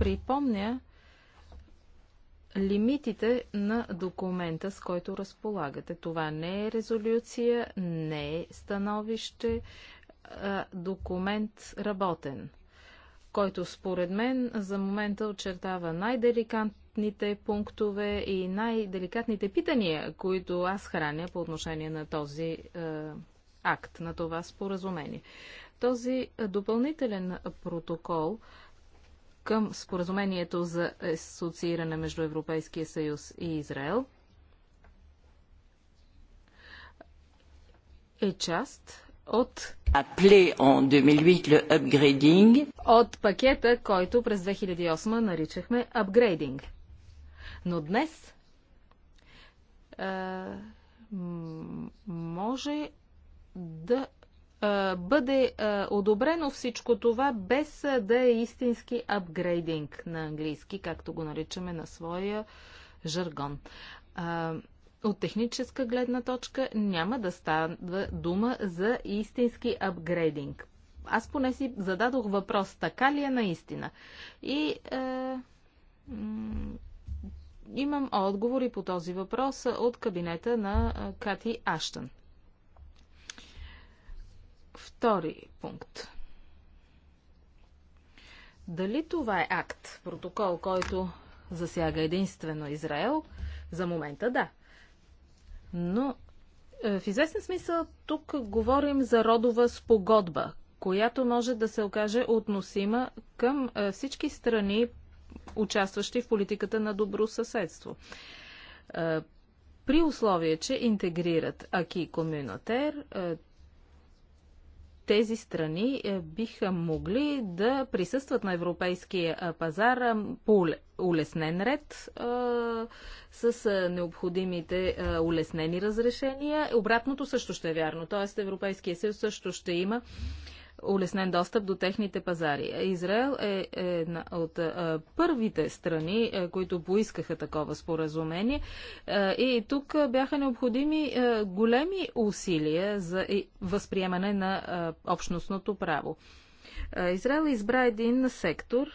припомня лимитите на документа, с който разполагате. Това не е резолюция, не е становище, а документ работен, който според мен за момента очертава най-деликант деликатните пунктове и най-деликатните питания, които аз храня по отношение на този е, акт, на това споразумение. Този допълнителен протокол към споразумението за асоцииране между Европейския съюз и Израел е част от от пакета, който през 2008 наричахме апгрейдинг. Но днес а, може да бъде одобрено всичко това без да е истински апгрейдинг на английски, както го наричаме на своя жаргон. От техническа гледна точка няма да става дума за истински апгрейдинг. Аз поне си зададох въпрос, така ли е наистина? И е, имам отговори по този въпрос от кабинета на Кати Аштън. Втори пункт. Дали това е акт, протокол, който засяга единствено Израел? За момента да. Но е, в известен смисъл тук говорим за родова спогодба, която може да се окаже относима към е, всички страни, участващи в политиката на добро съседство. Е, при условие, че интегрират Аки Комюнатер, тези страни е, биха могли да присъстват на европейския пазар по улеснен ред, с необходимите улеснени разрешения. Обратното също ще е вярно. Тоест Европейския съюз също ще има улеснен достъп до техните пазари. Израел е, е една от е, първите страни, е, които поискаха такова споразумение и тук бяха необходими големи усилия за възприемане на общностното право. Израел избра един сектор,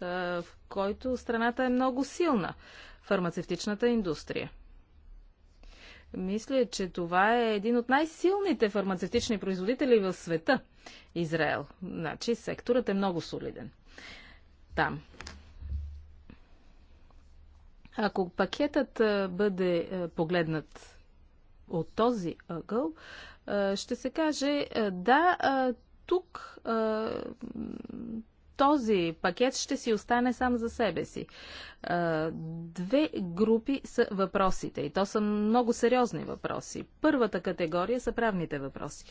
в който страната е много силна фармацевтичната индустрия. Мисля, че това е един от най-силните фармацевтични производители в света, Израел. Значи секторът е много солиден там. Ако пакетът бъде погледнат от този ъгъл, ще се каже да, тук този пакет ще си остане сам за себе си. Две групи са въпросите и то са много сериозни въпроси. Първата категория са правните въпроси.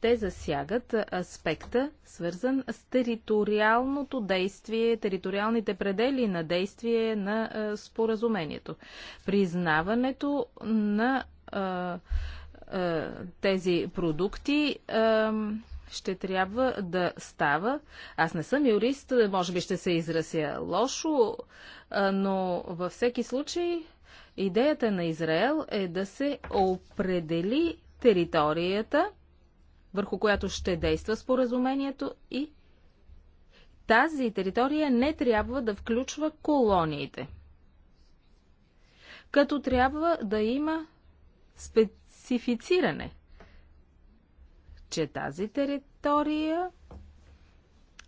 Те засягат аспекта, свързан с териториалното действие, териториалните предели на действие на споразумението. Признаването на тези продукти ще трябва да става. Аз не съм юрист, може би ще се изразя лошо, но във всеки случай идеята на Израел е да се определи територията, върху която ще действа споразумението и тази територия не трябва да включва колониите. Като трябва да има специфициране – че тази територия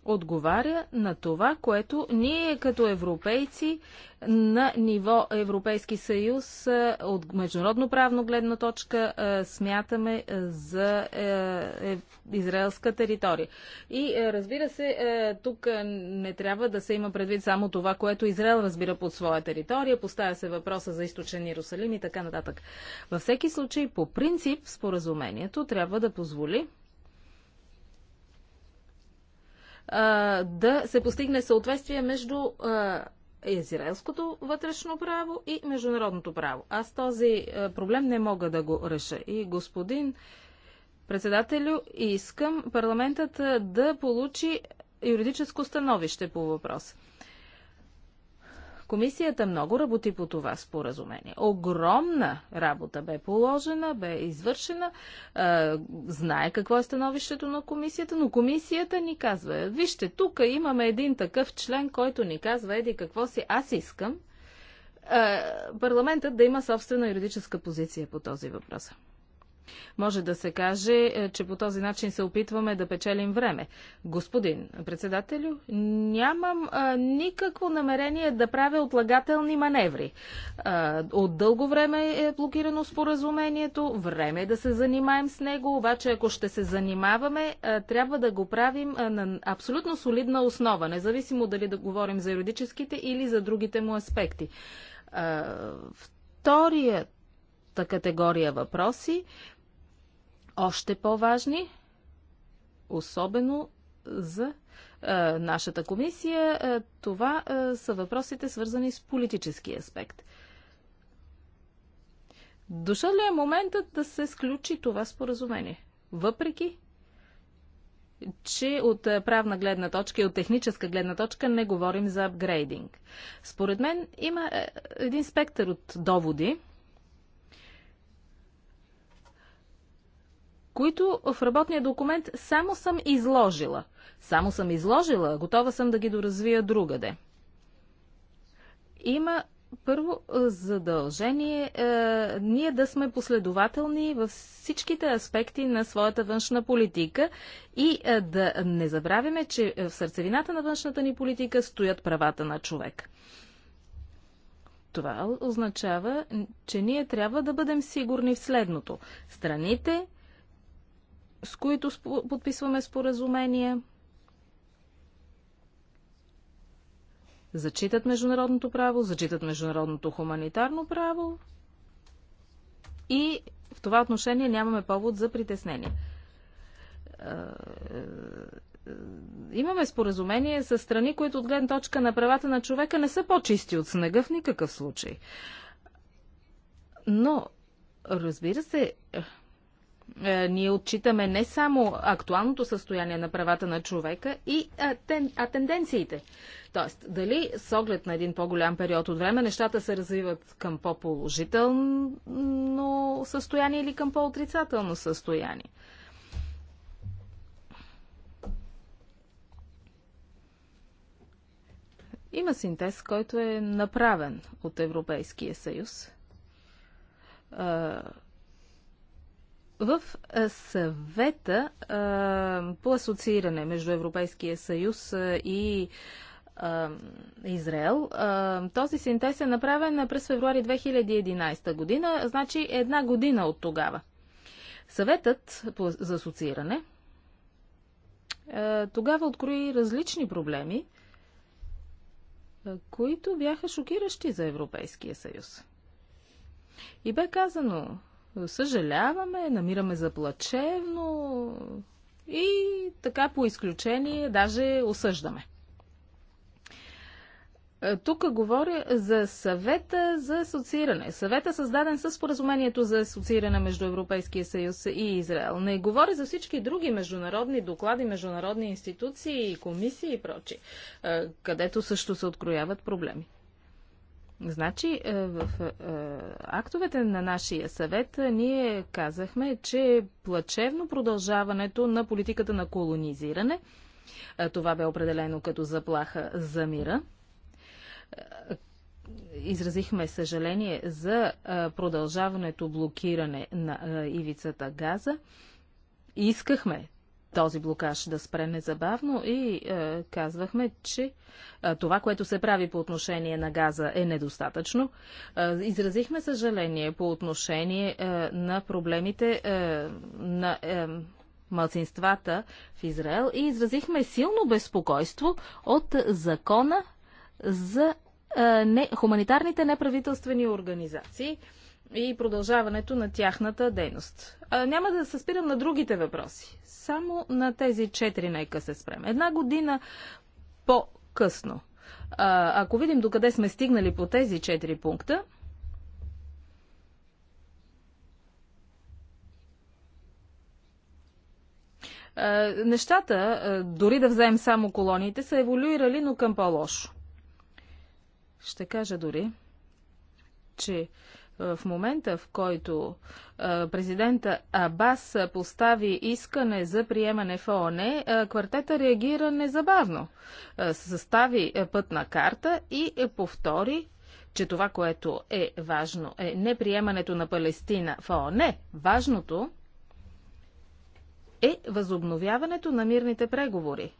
отговаря на това, което ние като европейци на ниво Европейски съюз е, от международно правно гледна точка е, смятаме е, за израелска територия. И разбира се, тук не трябва да се има предвид само това, което Израел разбира под своя територия. Поставя се въпроса за източен Иерусалим и така нататък. Във всеки случай, по принцип, споразумението трябва да позволи да се постигне съответствие между израелското вътрешно право и международното право. Аз този проблем не мога да го реша. И господин председателю, искам парламентът да получи юридическо становище по въпроса. Комисията много работи по това споразумение. Огромна работа бе положена, бе извършена. Е, знае какво е становището на комисията, но комисията ни казва, вижте, тук имаме един такъв член, който ни казва, еди какво си, аз искам е, парламентът да има собствена юридическа позиция по този въпрос. Може да се каже, е, че по този начин се опитваме да печелим време. Господин председателю, нямам а, никакво намерение да правя отлагателни маневри. А, от дълго време е блокирано споразумението, време е да се занимаем с него, обаче ако ще се занимаваме, а, трябва да го правим а, на абсолютно солидна основа, независимо дали да говорим за юридическите или за другите му аспекти. А, вторият категория въпроси, още по-важни, особено за е, нашата комисия. Е, това е, са въпросите, свързани с политически аспект. Дошъл ли е моментът да се сключи това споразумение? Въпреки, че от е, правна гледна точка и от техническа гледна точка не говорим за апгрейдинг. Според мен има е, един спектър от доводи, които в работния документ само съм изложила. Само съм изложила, готова съм да ги доразвия другаде. Има първо задължение е, ние да сме последователни във всичките аспекти на своята външна политика и е, да не забравяме, че в сърцевината на външната ни политика стоят правата на човек. Това означава, че ние трябва да бъдем сигурни в следното. Страните с които подписваме споразумения, зачитат международното право, зачитат международното хуманитарно право и в това отношение нямаме повод за притеснение. Е, имаме споразумение с страни, които от гледна точка на правата на човека не са по-чисти от снега в никакъв случай. Но, разбира се, е, ние отчитаме не само актуалното състояние на правата на човека, и, а, е, тен, а тенденциите. Тоест, дали с оглед на един по-голям период от време нещата се развиват към по-положително състояние или към по-отрицателно състояние. Има синтез, който е направен от Европейския съюз е, в съвета по асоцииране между Европейския съюз и Израел. Този синтез е направен през февруари 2011 година, значи една година от тогава. Съветът за асоцииране тогава открои различни проблеми, които бяха шокиращи за Европейския съюз. И бе казано, съжаляваме, намираме за плачевно и така по изключение даже осъждаме. Е, тук говоря за съвета за асоцииране. Съвета създаден с споразумението за асоцииране между Европейския съюз и Израел. Не говори за всички други международни доклади, международни институции, комисии и прочи, е, където също се открояват проблеми. Значи, е, в е, актовете на нашия съвет е, ние казахме, че плачевно продължаването на политиката на колонизиране. Това бе определено като заплаха за мира. Изразихме съжаление за продължаването блокиране на ивицата Газа. Искахме този блокаж да спре незабавно и е, казвахме, че е, това, което се прави по отношение на газа е недостатъчно. Е, изразихме съжаление по отношение е, на проблемите е, на. Е, малцинствата в Израел и изразихме силно безпокойство от закона за е, не, хуманитарните неправителствени организации и продължаването на тяхната дейност. А, няма да се спирам на другите въпроси. Само на тези четири нека се спрем. Една година по-късно. ако видим докъде сме стигнали по тези четири пункта, нещата, дори да вземем само колониите, са еволюирали, но към по-лошо. Ще кажа дори, че е, в момента, в който е, президента Абас постави искане за приемане в ООН, е, квартета реагира незабавно. Състави пътна карта и повтори, че това, което е важно, е не приемането на Палестина в ООН. Важното е възобновяването на мирните преговори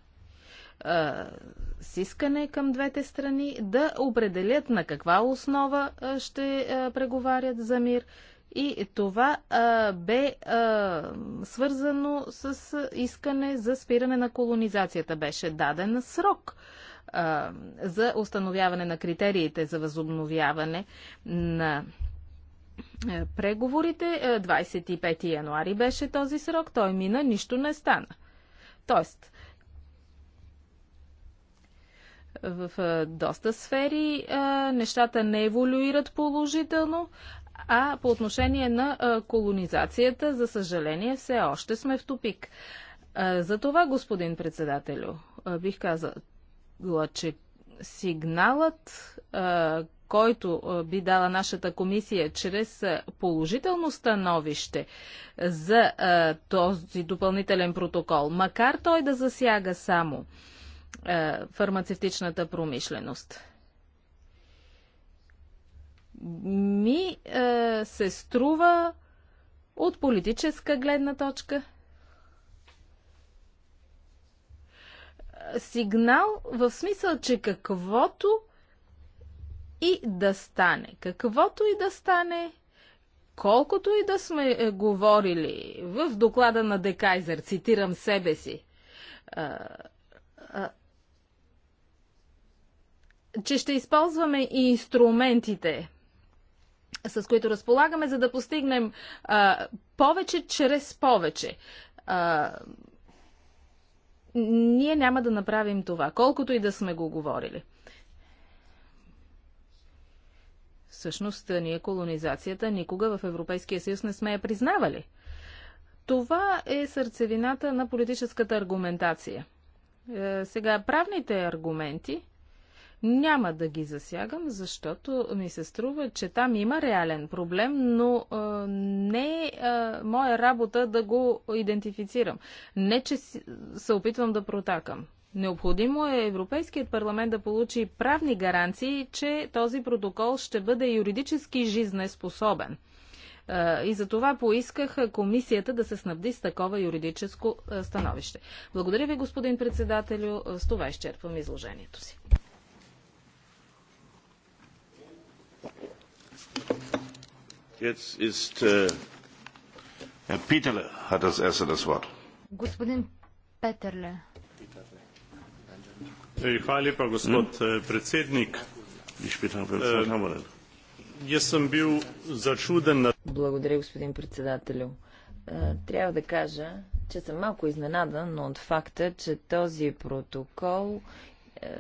с искане към двете страни да определят на каква основа ще преговарят за мир. И това бе свързано с искане за спиране на колонизацията. Беше даден срок за установяване на критериите за възобновяване на преговорите. 25 януари беше този срок. Той мина, нищо не стана. Тоест, в доста сфери нещата не еволюират положително, а по отношение на колонизацията, за съжаление, все още сме в тупик. За това, господин председателю, бих казала, че сигналът, който би дала нашата комисия чрез положително становище за този допълнителен протокол, макар той да засяга само е, фармацевтичната промишленост. Ми е, се струва от политическа гледна точка сигнал в смисъл, че каквото и да стане, каквото и да стане, колкото и да сме е, говорили в доклада на Декайзер, цитирам себе си, е, че ще използваме и инструментите, с които разполагаме, за да постигнем а, повече чрез повече. А, ние няма да направим това, колкото и да сме го говорили. Всъщност, ние колонизацията никога в Европейския съюз не сме я признавали. Това е сърцевината на политическата аргументация. Е, сега, правните аргументи няма да ги засягам, защото ми се струва, че там има реален проблем, но а, не е а, моя работа да го идентифицирам. Не, че си, се опитвам да протакам. Необходимо е Европейският парламент да получи правни гаранции, че този протокол ще бъде юридически жизнеспособен. И за това поисках комисията да се снабди с такова юридическо становище. Благодаря ви, господин председателю. С това изчерпвам изложението си. Äh, господин Hvala lepa, gospod predsednik. Jaz sem Благодаря, господин председателю. Е, трябва да кажа, че съм малко изненадан от факта, че този протокол е,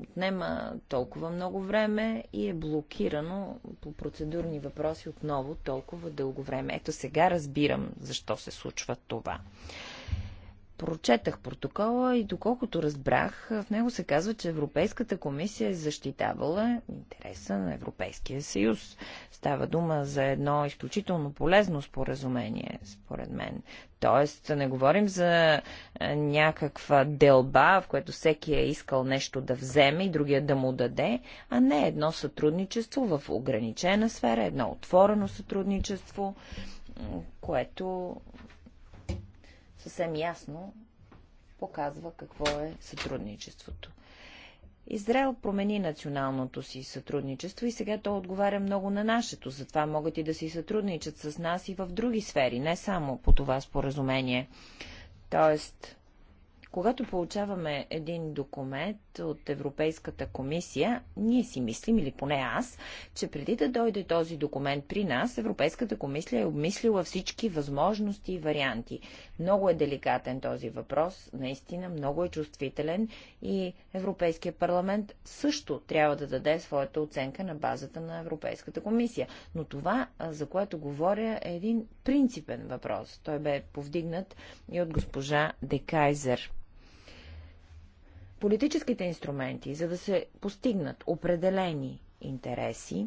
отнема толкова много време и е блокирано по процедурни въпроси отново толкова дълго време. Ето сега разбирам защо се случва това прочетах протокола и доколкото разбрах, в него се казва, че Европейската комисия е защитавала интереса на Европейския съюз. Става дума за едно изключително полезно споразумение, според мен. Тоест, не говорим за някаква делба, в което всеки е искал нещо да вземе и другия да му даде, а не едно сътрудничество в ограничена сфера, едно отворено сътрудничество, което съвсем ясно показва какво е сътрудничеството. Израел промени националното си сътрудничество и сега то отговаря много на нашето, затова могат и да си сътрудничат с нас и в други сфери, не само по това споразумение. Тоест, когато получаваме един документ от Европейската комисия, ние си мислим, или поне аз, че преди да дойде този документ при нас, Европейската комисия е обмислила всички възможности и варианти. Много е деликатен този въпрос, наистина много е чувствителен и Европейския парламент също трябва да даде своята оценка на базата на Европейската комисия. Но това, за което говоря, е един принципен въпрос. Той бе повдигнат и от госпожа Декайзер. Политическите инструменти, за да се постигнат определени интереси,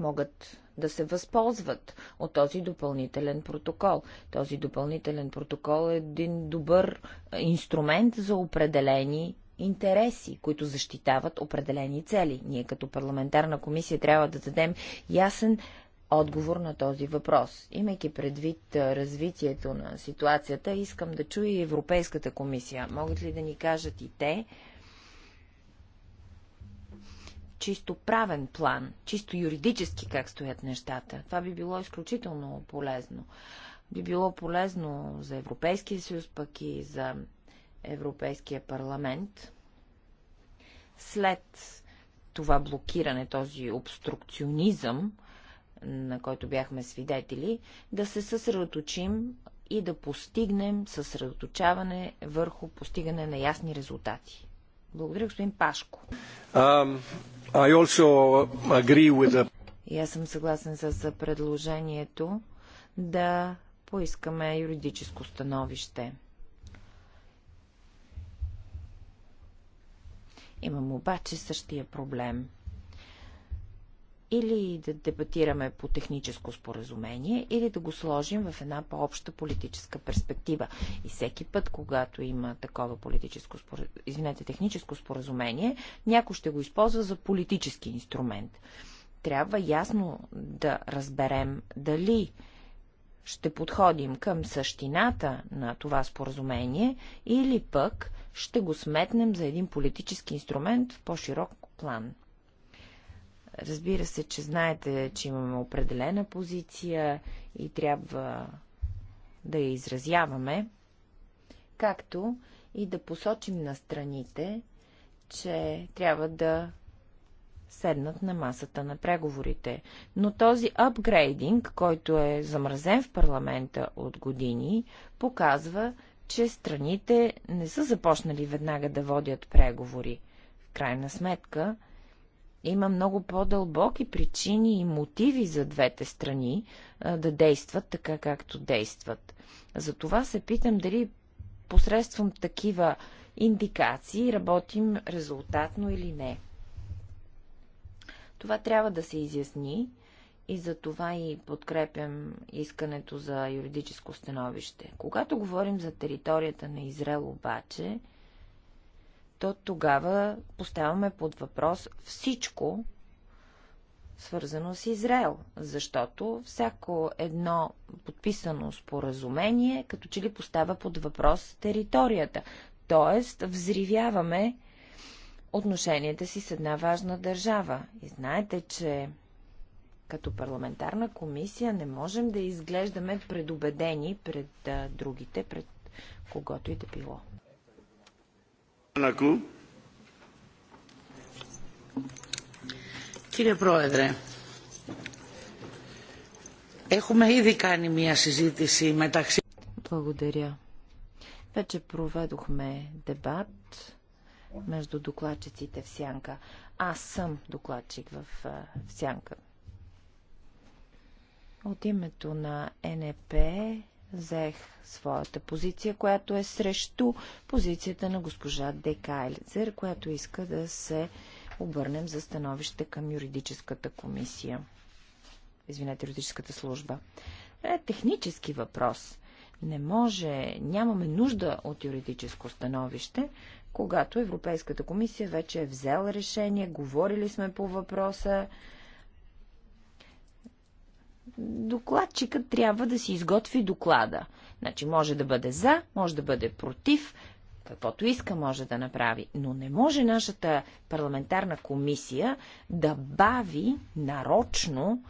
могат да се възползват от този допълнителен протокол. Този допълнителен протокол е един добър инструмент за определени интереси, които защитават определени цели. Ние като парламентарна комисия трябва да дадем ясен отговор на този въпрос. Имайки предвид развитието на ситуацията, искам да чуя и Европейската комисия. Могат ли да ни кажат и те, чисто правен план, чисто юридически как стоят нещата? Това би било изключително полезно. Би било полезно за Европейския съюз, пък и за Европейския парламент. След това блокиране, този обструкционизъм, на който бяхме свидетели, да се съсредоточим и да постигнем съсредоточаване върху постигане на ясни резултати. Благодаря, господин Пашко. Um, the... И аз съм съгласен с предложението да поискаме юридическо становище. Имам обаче същия проблем – или да дебатираме по техническо споразумение, или да го сложим в една по-обща политическа перспектива. И всеки път, когато има такова политическо споразумение, извинете, техническо споразумение, някой ще го използва за политически инструмент. Трябва ясно да разберем дали ще подходим към същината на това споразумение или пък ще го сметнем за един политически инструмент в по-широк план. Разбира се, че знаете, че имаме определена позиция и трябва да я изразяваме, както и да посочим на страните, че трябва да седнат на масата на преговорите. Но този апгрейдинг, който е замразен в парламента от години, показва, че страните не са започнали веднага да водят преговори. В крайна сметка, има много по-дълбоки причини и мотиви за двете страни а, да действат така, както действат. Затова се питам дали посредством такива индикации работим резултатно или не. Това трябва да се изясни и за това и подкрепям искането за юридическо становище. Когато говорим за територията на Израел обаче, то тогава поставяме под въпрос всичко, свързано с Израел, защото всяко едно подписано споразумение като че ли поставя под въпрос територията. Тоест, взривяваме отношенията си с една важна държава. И знаете, че като парламентарна комисия не можем да изглеждаме предубедени пред другите, пред когото и да било. Κύριε Πρόεδρε, έχουμε ήδη κάνει μία συζήτηση μεταξύ... Благодаря. Вече проведохме дебат между докладчиците в Сянка. Аз съм докладчик в, в Сянка. От името на НП взех своята позиция, която е срещу позицията на госпожа Декайлицер, която иска да се обърнем за становище към юридическата комисия. Извинете, юридическата служба. Е технически въпрос. Не може, нямаме нужда от юридическо становище, когато Европейската комисия вече е взела решение, говорили сме по въпроса, докладчикът трябва да си изготви доклада. Значи може да бъде за, може да бъде против, каквото иска може да направи, но не може нашата парламентарна комисия да бави нарочно,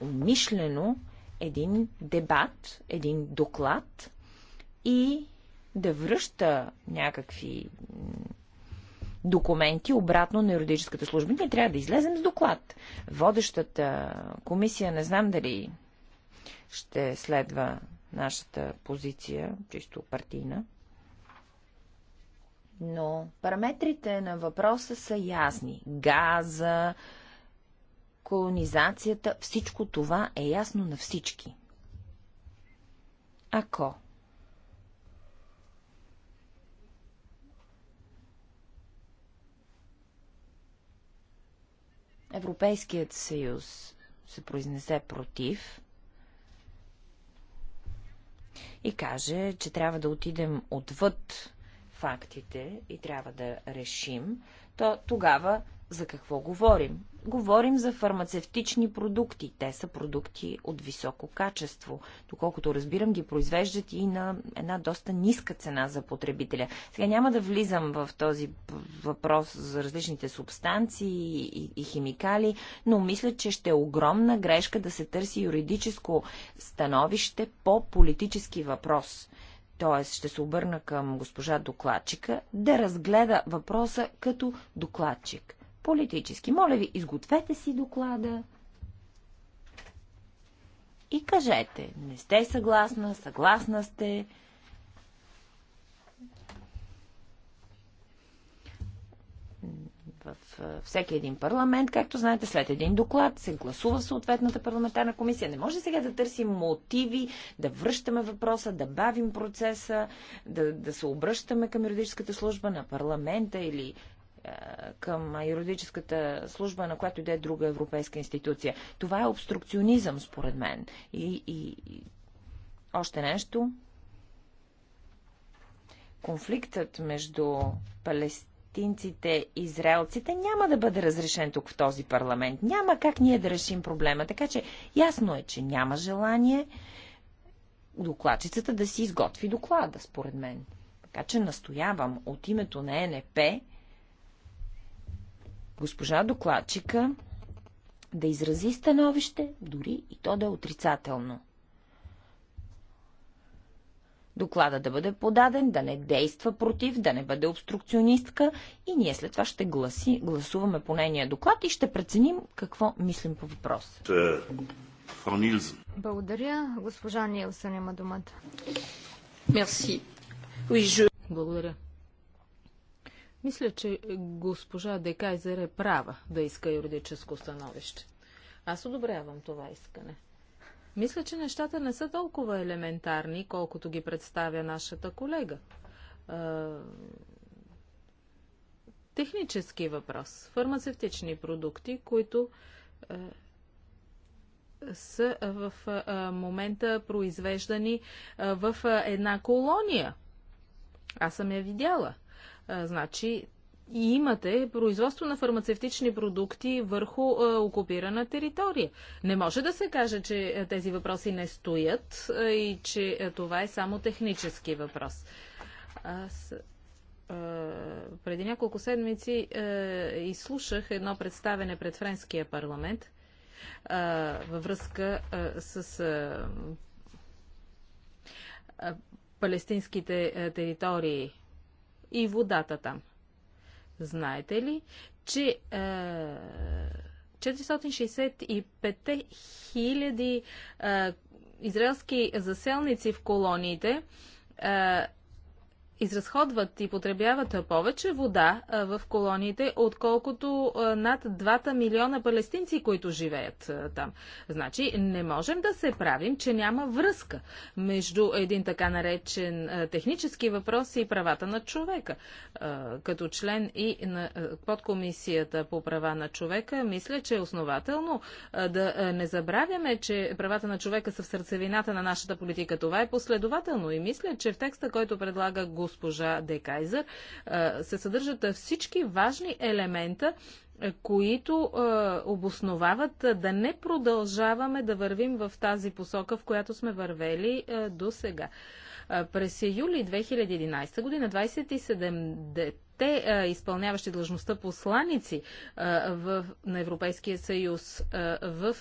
умишлено един дебат, един доклад и да връща някакви документи обратно на юридическата служба. Ние трябва да излезем с доклад. Водещата комисия, не знам дали ще следва нашата позиция, чисто партийна. Но параметрите на въпроса са ясни. Газа, колонизацията, всичко това е ясно на всички. Ако Европейският съюз се произнесе против и каже, че трябва да отидем отвъд фактите и трябва да решим, то тогава за какво говорим? Говорим за фармацевтични продукти. Те са продукти от високо качество. Доколкото разбирам, ги произвеждат и на една доста ниска цена за потребителя. Сега няма да влизам в този въпрос за различните субстанции и, и химикали, но мисля, че ще е огромна грешка да се търси юридическо становище по политически въпрос т.е. ще се обърна към госпожа докладчика, да разгледа въпроса като докладчик политически. Моля ви, изгответе си доклада и кажете, не сте съгласна, съгласна сте. в всеки един парламент, както знаете, след един доклад се гласува в съответната парламентарна комисия. Не може сега да търсим мотиви, да връщаме въпроса, да бавим процеса, да, да се обръщаме към юридическата служба на парламента или е, към юридическата служба, на която иде друга европейска институция. Това е обструкционизъм, според мен. И, и, и... още нещо. Конфликтът между палестинците и израелците няма да бъде разрешен тук в този парламент. Няма как ние да решим проблема. Така че ясно е, че няма желание докладчицата да си изготви доклада, според мен. Така че настоявам от името на НП госпожа докладчика да изрази становище, дори и то да е отрицателно. Доклада да бъде подаден, да не действа против, да не бъде обструкционистка и ние след това ще гласи, гласуваме по нейния доклад и ще преценим какво мислим по въпрос. Е, Благодаря. Госпожа Нилсън има думата. Мерси. Благодаря. Мисля, че госпожа Декайзер е права да иска юридическо становище. Аз одобрявам това искане. Мисля, че нещата не са толкова елементарни, колкото ги представя нашата колега. Технически въпрос. Фармацевтични продукти, които са в момента произвеждани в една колония. Аз съм я видяла. Значи, и имате производство на фармацевтични продукти върху а, окупирана територия. Не може да се каже, че а, тези въпроси не стоят а, и че а, това е само технически въпрос. Аз а, преди няколко седмици а, изслушах едно представене пред Френския парламент а, във връзка а, с. А, палестинските а, територии и водата там. Знаете ли, че е, 465 хиляди е, израелски заселници в колониите е, изразходват и потребяват повече вода в колониите, отколкото над 2 милиона палестинци, които живеят там. Значи не можем да се правим, че няма връзка между един така наречен технически въпрос и правата на човека. Като член и на подкомисията по права на човека, мисля, че е основателно да не забравяме, че правата на човека са в сърцевината на нашата политика. Това е последователно и мисля, че в текста, който предлага го госпожа Декайзер, се съдържат всички важни елемента, които обосновават да не продължаваме да вървим в тази посока, в която сме вървели до сега. през юли 2011 година 27 дете, те, изпълняващи длъжността посланици в, на Европейския съюз в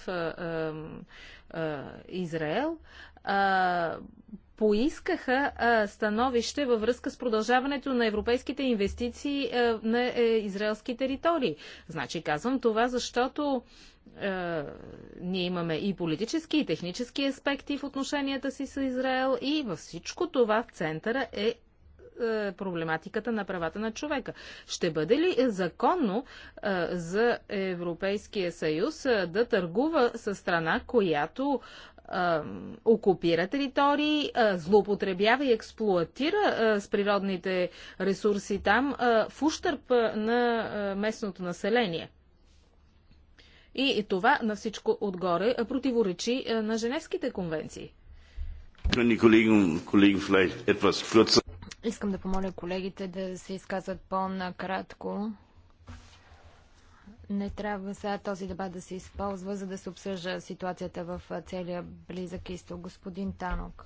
Израел, поискаха а, становище във връзка с продължаването на европейските инвестиции а, на е, израелски територии. Значи казвам това, защото ние имаме и политически, и технически аспекти в отношенията си с Израел и във всичко това в центъра е, е проблематиката на правата на човека. Ще бъде ли законно а, за Европейския съюз а, да търгува с страна, която окупира територии, злоупотребява и експлуатира с природните ресурси там в ущърп на местното население. И, това на всичко отгоре противоречи на Женевските конвенции. Е, Искам да помоля колегите да се изказват по-накратко. Не трябва сега този дебат да се използва, за да се обсъжда ситуацията в целия близък изток. Господин Танок.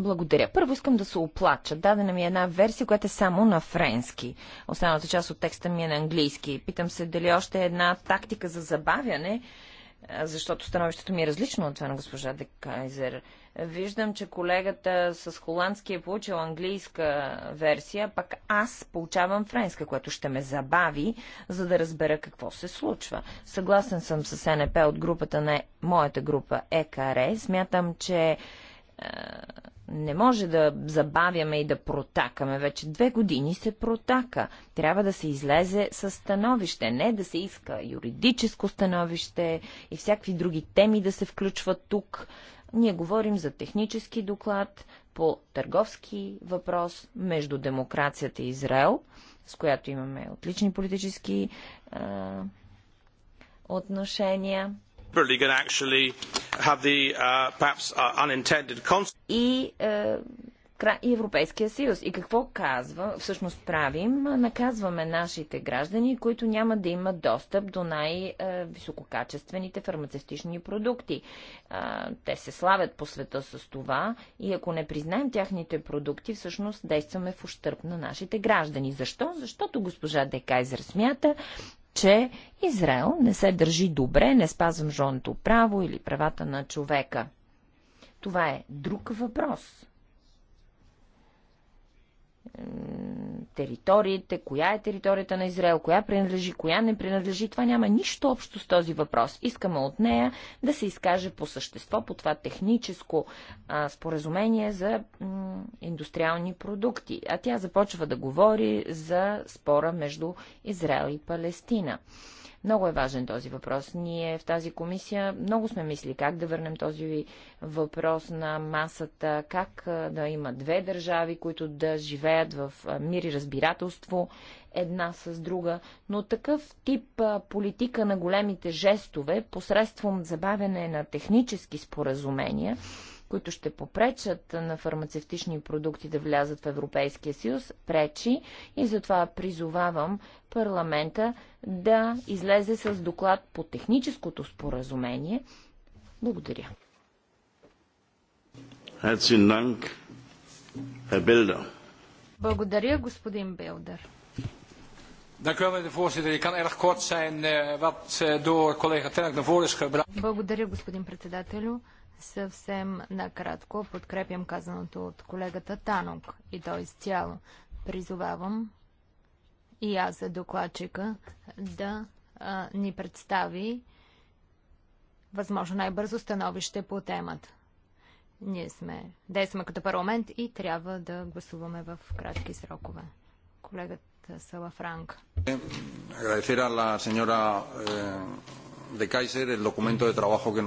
благодаря. Първо искам да се оплача. Дадена ми е една версия, която е само на френски. Останалата част от текста ми е на английски. Питам се дали още е една тактика за забавяне защото становището ми е различно от това на госпожа Декайзер. Виждам, че колегата с холандски е получил английска версия, пък аз получавам френска, което ще ме забави, за да разбера какво се случва. Съгласен съм с НП от групата на е, моята група ЕКР. Е. Смятам, че не може да забавяме и да протакаме. Вече две години се протака. Трябва да се излезе с становище, не да се иска юридическо становище и всякакви други теми да се включват тук. Ние говорим за технически доклад по търговски въпрос между демокрацията и Израел, с която имаме отлични политически е, отношения deliberately to actually have the uh, perhaps uh, unintended е, и Европейския съюз. И какво казва, всъщност правим? Наказваме нашите граждани, които няма да имат достъп до най-висококачествените фармацевтични продукти. Е, те се славят по света с това и ако не признаем тяхните продукти, всъщност действаме в ущърп на нашите граждани. Защо? Защото госпожа Декайзер смята, че Израел не се държи добре, не спазва международното право или правата на човека. Това е друг въпрос териториите, коя е територията на Израел, коя принадлежи, коя не принадлежи. Това няма нищо общо с този въпрос. Искаме от нея да се изкаже по същество, по това техническо а, споразумение за м, индустриални продукти. А тя започва да говори за спора между Израел и Палестина. Много е важен този въпрос. Ние в тази комисия много сме мисли как да върнем този въпрос на масата, как да има две държави, които да живеят в мир и разбирателство една с друга, но такъв тип политика на големите жестове, посредством забавяне на технически споразумения, които ще попречат на фармацевтични продукти да влязат в Европейския съюз, пречи и затова призовавам парламента да излезе с доклад по техническото споразумение. Благодаря. Благодаря, господин Белдър. Eh, eh, Благодаря, господин председателю. Съвсем накратко подкрепям казаното от колегата Танок и то изцяло. Призовавам и аз за докладчика да а, ни представи възможно най-бързо становище по темата. Ние сме, действаме като парламент и трябва да гласуваме в кратки срокове. Колегата Салафранк. Франк. a на сеньора eh, de Kaiser el documento de trabajo que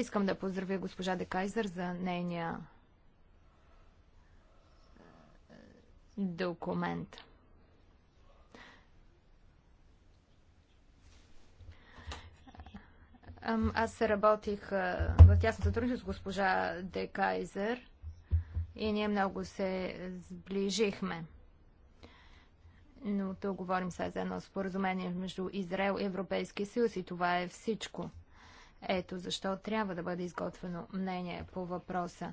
Искам да поздравя госпожа Декайзер за нейния е, документ. Аз работих е, в тясно сътрудничество с госпожа Де Кайзер и ние много се сближихме. Но тук говорим сега за едно споразумение между Израел и Европейския съюз и това е всичко. Ето защо трябва да бъде изготвено мнение по въпроса.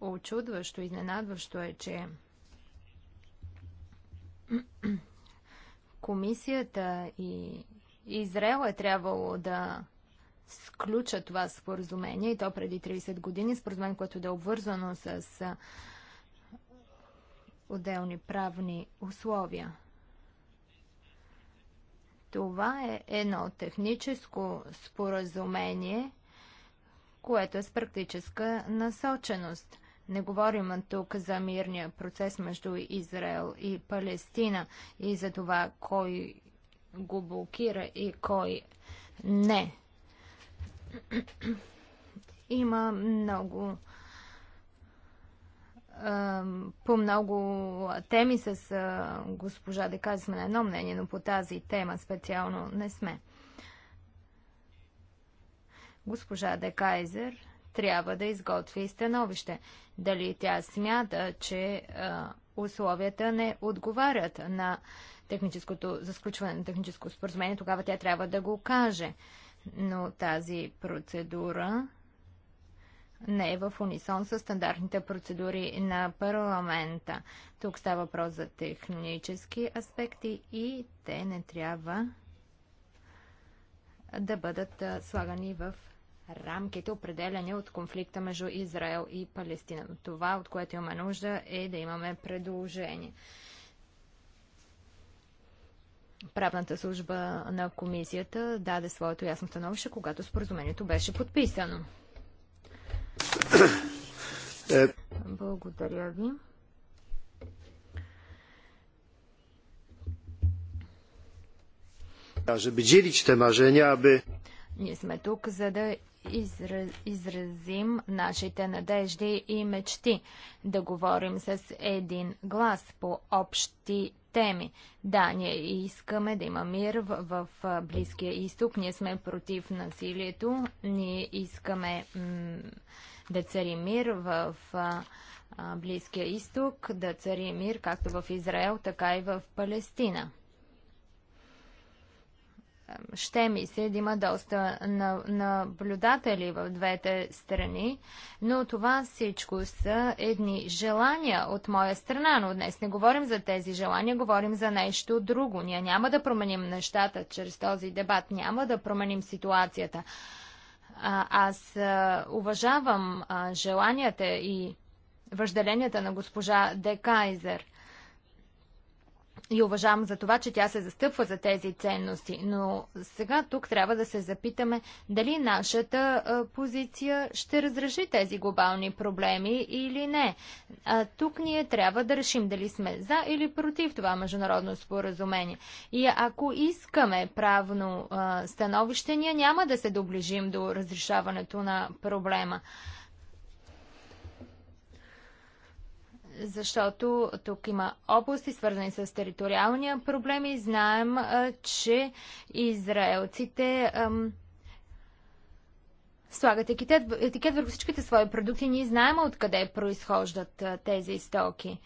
Очудващо, изненадващо е, че комисията и Израел е трябвало да сключа това споразумение и то преди 30 години, споразумение, което да е обвързано с отделни правни условия. Това е едно техническо споразумение, което е с практическа насоченост. Не говорим тук за мирния процес между Израел и Палестина и за това кой го блокира и кой не. Има много по много теми с госпожа Дека сме на едно мнение, но по тази тема специално не сме. Госпожа Декайзер трябва да изготви становище. Дали тя смята, че а, условията не отговарят на техническото, за сключване на техническо споразумение, тогава тя трябва да го каже. Но тази процедура не е в унисон с стандартните процедури на парламента. Тук става въпрос за технически аспекти и те не трябва да бъдат слагани в рамките, определени от конфликта между Израел и Палестина. Това, от което имаме нужда, е да имаме предложение. Правната служба на комисията даде своето ясно становище, когато споразумението беше подписано. Благодаря ви. Ние сме тук, за да изразим нашите надежди и мечти, да говорим с един глас по общи теми. Да, ние искаме да има мир в Близкия изток, ние сме против насилието, ние искаме да цари мир в а, Близкия изток, да цари мир както в Израел, така и в Палестина. Ще ми се да има доста наблюдатели в двете страни, но това всичко са едни желания от моя страна, но днес не говорим за тези желания, говорим за нещо друго. Ние няма да променим нещата чрез този дебат, няма да променим ситуацията. Аз уважавам желанията и въжделенията на госпожа Де Кайзер – и уважавам за това, че тя се застъпва за тези ценности. Но сега тук трябва да се запитаме дали нашата а, позиция ще разреши тези глобални проблеми или не. А, тук ние трябва да решим дали сме за или против това международно споразумение. И ако искаме правно а, становище, ние няма да се доближим до разрешаването на проблема. защото тук има области, свързани с териториалния проблем и знаем, че израелците слагат етикет върху всичките свои продукти. Ние знаем откъде произхождат тези стоки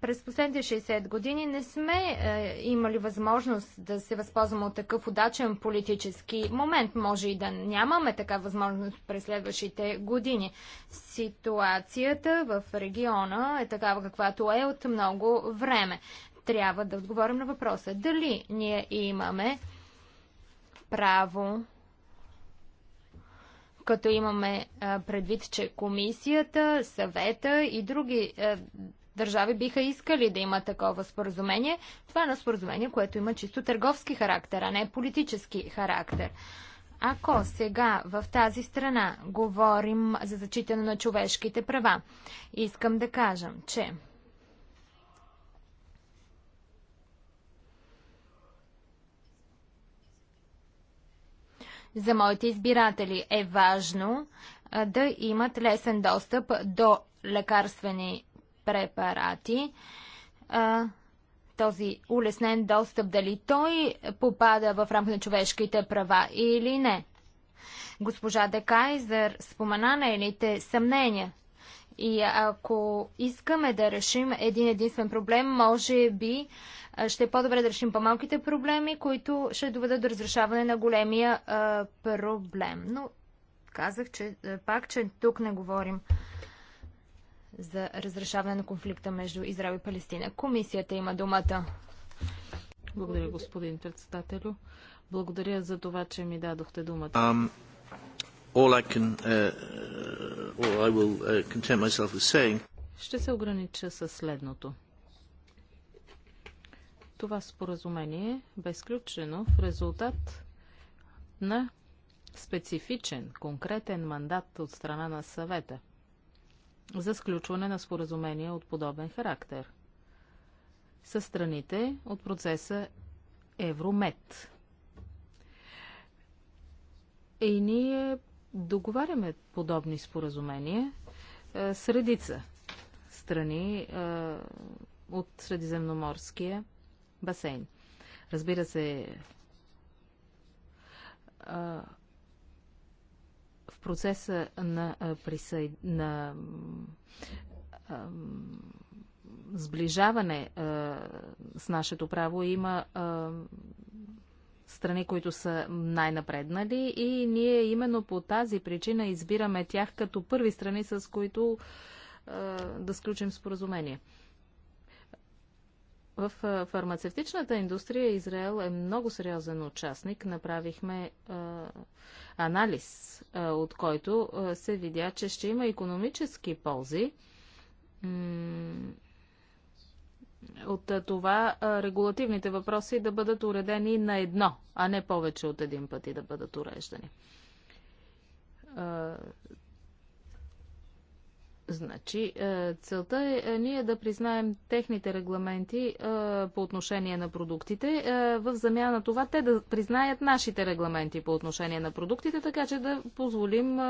през последните 60 години не сме е, имали възможност да се възползваме от такъв удачен политически момент. Може и да нямаме така възможност през следващите години. Ситуацията в региона е такава каквато е от много време. Трябва да отговорим на въпроса дали ние имаме право като имаме предвид, че комисията, съвета и други е, държави биха искали да има такова споразумение. Това е едно споразумение, което има чисто търговски характер, а не политически характер. Ако сега в тази страна говорим за зачитане на човешките права, искам да кажам, че за моите избиратели е важно да имат лесен достъп до лекарствени препарати. А, този улеснен достъп, дали той попада в рамка на човешките права или не. Госпожа Декайзер спомена на нейните съмнения. И ако искаме да решим един единствен проблем, може би ще е по-добре да решим по-малките проблеми, които ще доведат до разрешаване на големия а, проблем. Но казах, че пак, че тук не говорим за разрешаване на конфликта между Израел и Палестина. Комисията има думата. Благодаря, господин председателю. Благодаря за това, че ми дадохте думата. Um, all I can, uh, uh all I will, uh, content myself with saying... Ще се огранича със следното. Това споразумение бе сключено в резултат на специфичен, конкретен мандат от страна на съвета – за сключване на споразумения от подобен характер с страните от процеса Евромет. И ние договаряме подобни споразумения е, с редица страни е, от Средиземноморския басейн. Разбира се, е, процеса на, присъ... на сближаване с нашето право има страни, които са най-напреднали и ние именно по тази причина избираме тях като първи страни, с които да сключим споразумение. В фармацевтичната индустрия Израел е много сериозен участник. Направихме анализ, от който се видя, че ще има економически ползи от това регулативните въпроси да бъдат уредени на едно, а не повече от един път и да бъдат уреждани Значи, е, целта е, е ние да признаем техните регламенти е, по отношение на продуктите, в замяна на това те да признаят нашите регламенти по отношение на продуктите, така че да позволим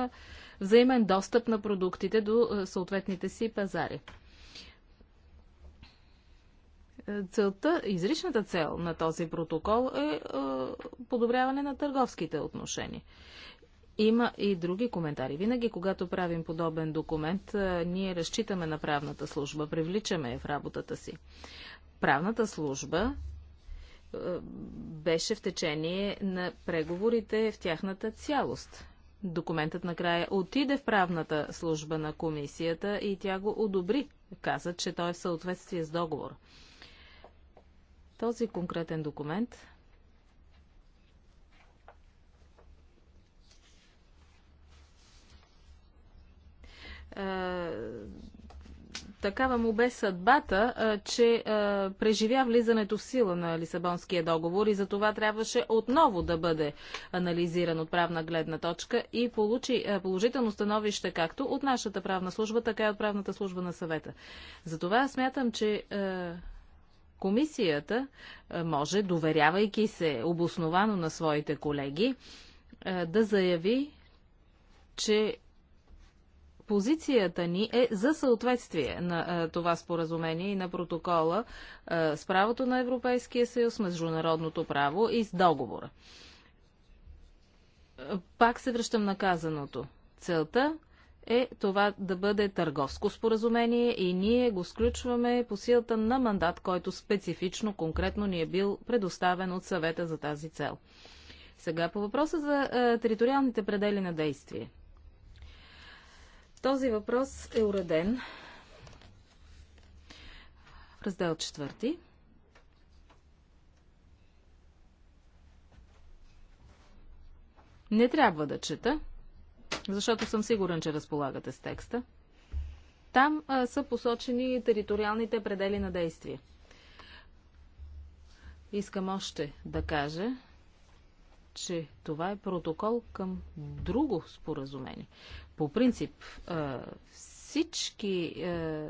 взаимен достъп на продуктите до съответните си пазари. Целта, изричната цел на този протокол е подобряване на търговските отношения. Има и други коментари. Винаги, когато правим подобен документ, ние разчитаме на правната служба, привличаме я в работата си. Правната служба беше в течение на преговорите в тяхната цялост. Документът накрая отиде в правната служба на комисията и тя го одобри. Каза, че той е в съответствие с договор. Този конкретен документ Е, такава му бе съдбата, е, че е, преживя влизането в сила на Лисабонския договор и за това трябваше отново да бъде анализиран от правна гледна точка и получи положително становище както от нашата правна служба, така и от правната служба на съвета. Затова смятам, че комисията може, доверявайки се обосновано на своите колеги, да заяви, че позицията ни е за съответствие на е, това споразумение и на протокола е, с правото на Европейския съюз, международното право и с договора. Пак се връщам на казаното. Целта е това да бъде търговско споразумение и ние го сключваме по силата на мандат, който специфично, конкретно ни е бил предоставен от съвета за тази цел. Сега по въпроса за а, е, териториалните предели на действие. Този въпрос е уреден в раздел четвърти. Не трябва да чета, защото съм сигурен, че разполагате с текста. Там а, са посочени териториалните предели на действие. Искам още да кажа, че това е протокол към друго споразумение. По принцип, е, всички е,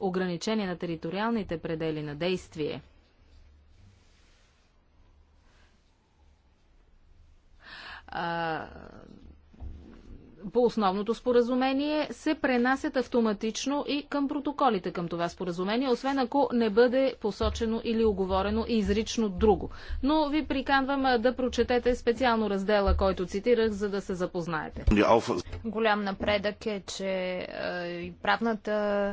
ограничения на териториалните предели на действие по основното споразумение се пренасят автоматично и към протоколите към това споразумение, освен ако не бъде посочено или оговорено изрично друго. Но ви приканвам да прочетете специално раздела, който цитирах, за да се запознаете. Голям напредък е, че правната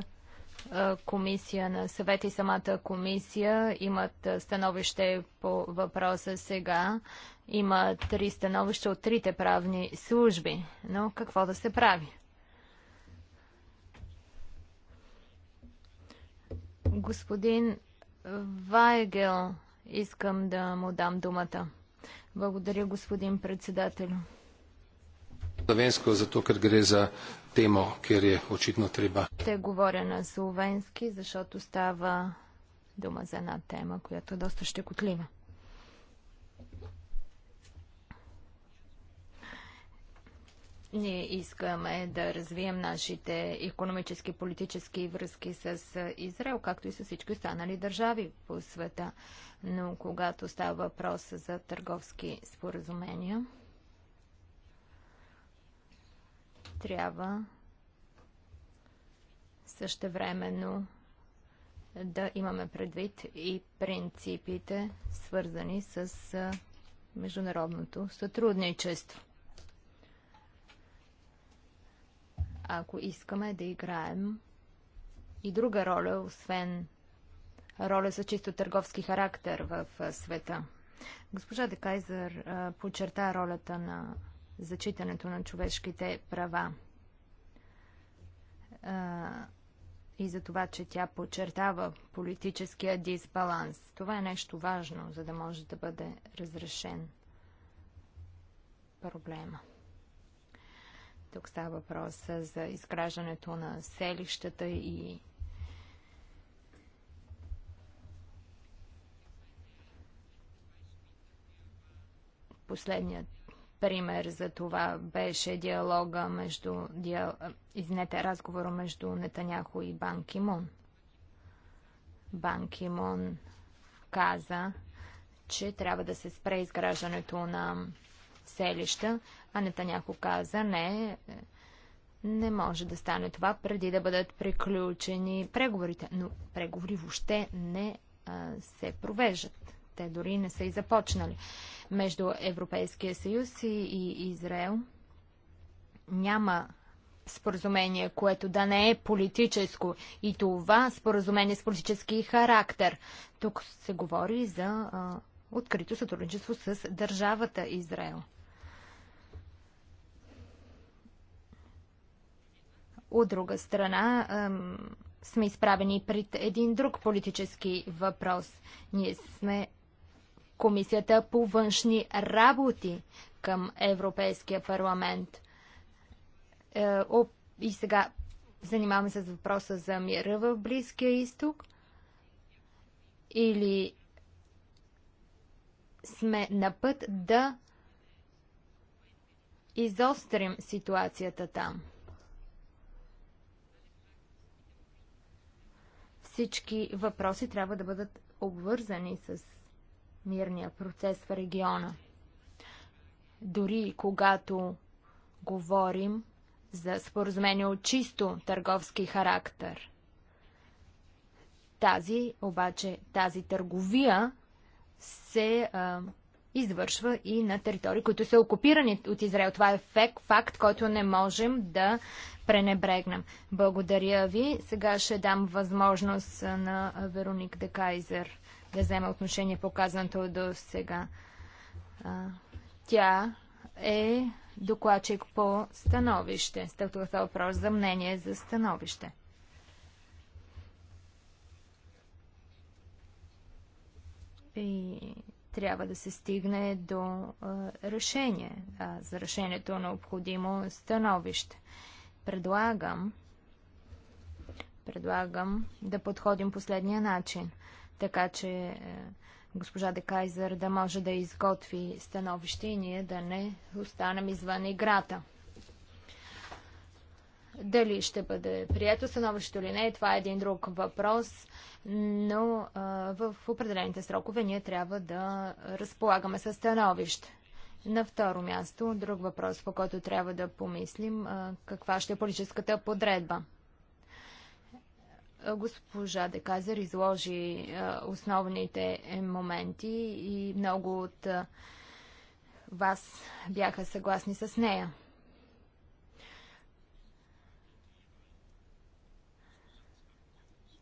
комисия на съвет и самата комисия имат становище по въпроса сега. Има три становища от трите правни служби. Но какво да се прави? Господин Вайгел, искам да му дам думата. Благодаря, господин председател. Slovensko, zato ker gre za temo, kjer je očitno treba. Те говоря на словенски, защото става дума за една тема, която е доста щекотлива. Ние искаме да развием нашите економически, политически връзки с Израел, както и с всички останали държави по света. Но когато става въпрос за търговски споразумения, трябва същевременно да имаме предвид и принципите, свързани с международното сътрудничество. Ако искаме да играем и друга роля, освен роля за чисто търговски характер в света. Госпожа Декайзър подчерта ролята на зачитането на човешките права и за това, че тя подчертава политическия дисбаланс. Това е нещо важно, за да може да бъде разрешен проблема. Тук става въпрос за изграждането на селищата и последният Пример за това беше диалога между, диал... извинете, разговора между Нетаняхо и Бан Кимон. Бан Кимон каза, че трябва да се спре изграждането на селища, а Нетаняхо каза, не, не може да стане това преди да бъдат приключени преговорите, но преговори въобще не а, се провеждат. Те дори не са и започнали. Между Европейския съюз и, и Израел няма споразумение, което да не е политическо. И това споразумение с политически характер. Тук се говори за а, открито сътрудничество с държавата Израел. От друга страна, ам, сме изправени пред един друг политически въпрос. Ние сме Комисията по външни работи към Европейския парламент. Е, и сега занимаваме се с въпроса за мира в Близкия изток или сме на път да изострим ситуацията там. Всички въпроси трябва да бъдат обвързани с мирния процес в региона. Дори когато говорим за споразумение от чисто търговски характер. Тази, обаче, тази търговия се а, извършва и на територии, които са окупирани от Израел. Това е фек, факт, който не можем да пренебрегнем. Благодаря ви. Сега ще дам възможност на Вероник Декайзер да взема отношение по казаното до сега. Тя е докладчик по становище. Става въпрос за мнение за становище. И трябва да се стигне до а, решение. А, за решението е необходимо становище. Предлагам, предлагам да подходим последния начин – така че е, госпожа Декайзер да може да изготви становище и ние да не останем извън играта. Дали ще бъде прието становището или не, това е един друг въпрос, но а, е, в определените срокове ние трябва да разполагаме със становище. На второ място, друг въпрос, по който трябва да помислим, а, е, каква ще е политическата подредба. Госпожа Деказер изложи основните е, моменти и много от вас бяха съгласни с нея.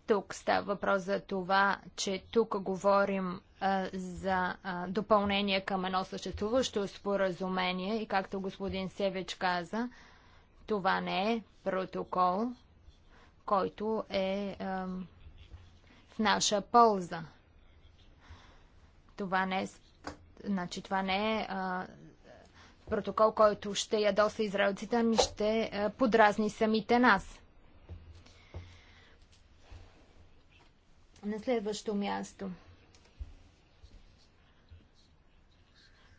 Тук става въпрос за това, че тук говорим а, за а, допълнение към едно съществуващо споразумение и както господин Севич каза, това не е протокол, който е в наша полза. Това не е, значи, това не е а, протокол, който ще ядоса израелците, ами ще а, подразни самите нас. На следващо място.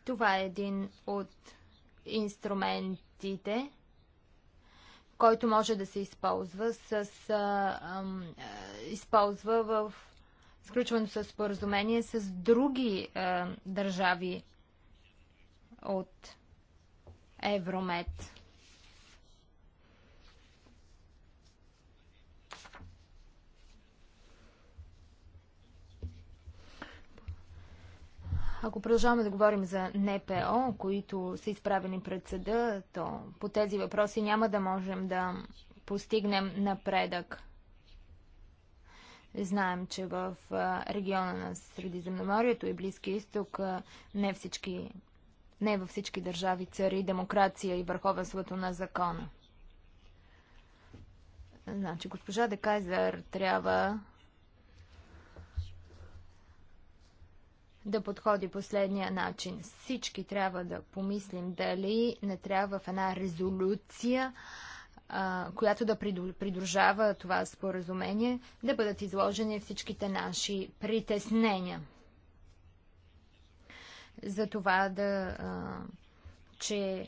Това е един от инструментите, който може да се използва, с, а, а, използва в сключването с споразумение с други а, държави от Евромет. Ако продължаваме да говорим за НПО, които са изправени пред съда, то по тези въпроси няма да можем да постигнем напредък. Знаем, че в региона на Средиземноморието и Близки изток не, всички, не във всички държави цари демокрация и върховенството на закона. Значи, госпожа Декайзер трябва да подходи последния начин. Всички трябва да помислим дали не трябва в една резолюция, която да придружава това споразумение, да бъдат изложени всичките наши притеснения. За това да, че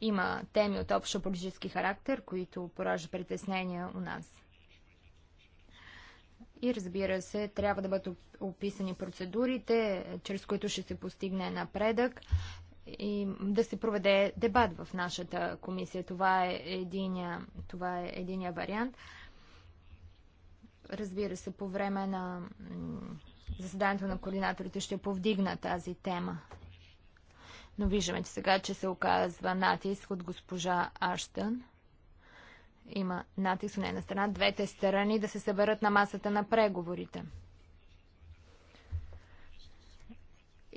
има теми от общо политически характер, които поражат притеснения у нас. И разбира се, трябва да бъдат описани процедурите, чрез които ще се постигне напредък и да се проведе дебат в нашата комисия. Това е единия, това е единия вариант. Разбира се, по време на заседанието на координаторите ще повдигна тази тема. Но виждаме, че сега, че се оказва натиск от госпожа Аштън – има натиск на една страна, двете страни да се съберат на масата на преговорите.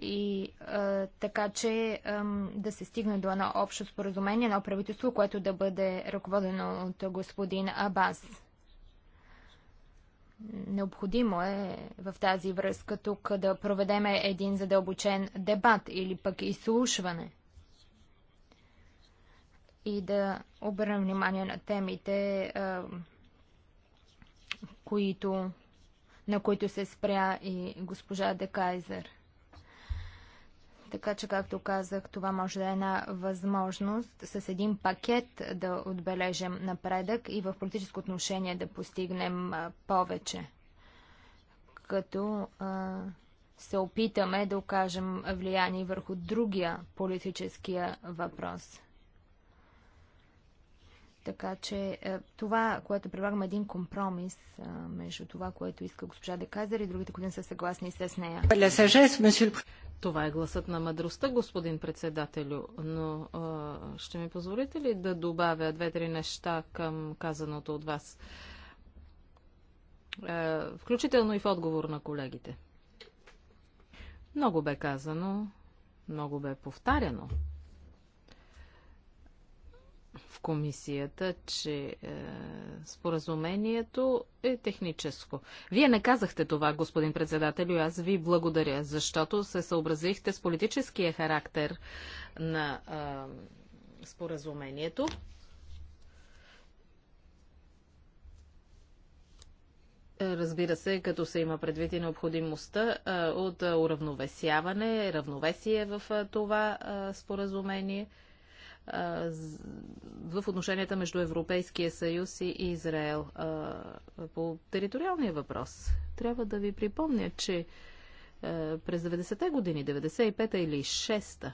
И а, така, че а, да се стигне до едно общо споразумение, едно правителство, което да бъде ръководено от господин Абас. Необходимо е в тази връзка тук да проведеме един задълбочен дебат или пък изслушване – и да обърнем внимание на темите, които, на които се спря и госпожа Декайзер. Така че, както казах, това може да е една възможност с един пакет да отбележим напредък и в политическо отношение да постигнем повече. Като а, се опитаме да окажем влияние върху другия политическия въпрос. Така че е, това, което предлагам, е един компромис е, между това, което иска госпожа Деказер и другите, които не са съгласни с нея. Това е гласът на мъдростта, господин председателю, но а, е, ще ми позволите ли да добавя две-три неща към казаното от вас? А, включително и в отговор на колегите. Много бе казано, много бе повтаряно комисията, че е, споразумението е техническо. Вие не казахте това, господин председател, аз ви благодаря, защото се съобразихте с политическия характер на е, споразумението. Разбира се, като се има предвид и необходимостта е, от е, уравновесяване, равновесие в е, това споразумение – в отношенията между Европейския съюз и Израел. По териториалния въпрос трябва да ви припомня, че през 90-те години, 95-та или 6-та,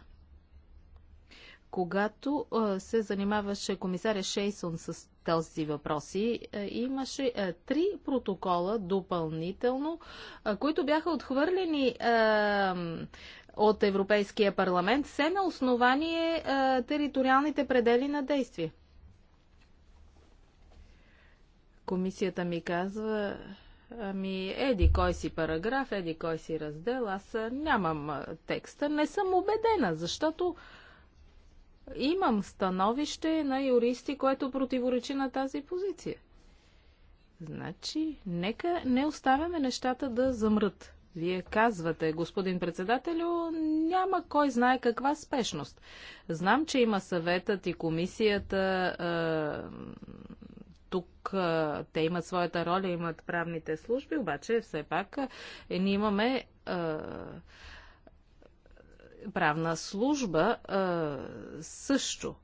когато се занимаваше комисаря Шейсон с тези въпроси, имаше три протокола допълнително, които бяха отхвърлени от Европейския парламент, се на основание а, териториалните предели на действие. Комисията ми казва, ами еди кой си параграф, еди кой си раздел, аз нямам текста, не съм убедена, защото имам становище на юристи, което противоречи на тази позиция. Значи, нека не оставяме нещата да замрат. Вие казвате, господин председателю, няма кой знае каква спешност. Знам, че има съветът и комисията. Е, тук е, те имат своята роля, имат правните служби, обаче все пак е, ние имаме правна служба е, също.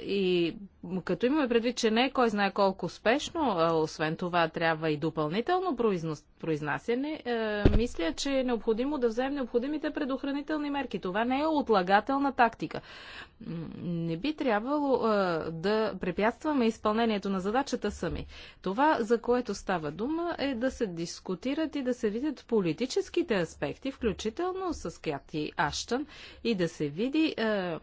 и като имаме предвид, че не е кой знае колко успешно, освен това трябва и допълнително произност произнасяне, е, мисля, че е необходимо да вземем необходимите предохранителни мерки. Това не е отлагателна тактика. Не би трябвало е, да препятстваме изпълнението на задачата сами. Това, за което става дума, е да се дискутират и да се видят политическите аспекти, включително с Кяти Аштън, и да се види е,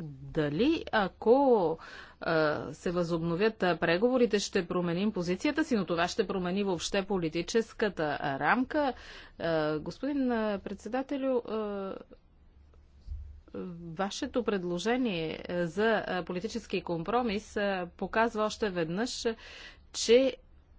дали ако а, се възобновят преговорите, ще променим позицията си, но това ще промени въобще политическата рамка? А, господин председателю, вашето предложение за политически компромис показва още веднъж, че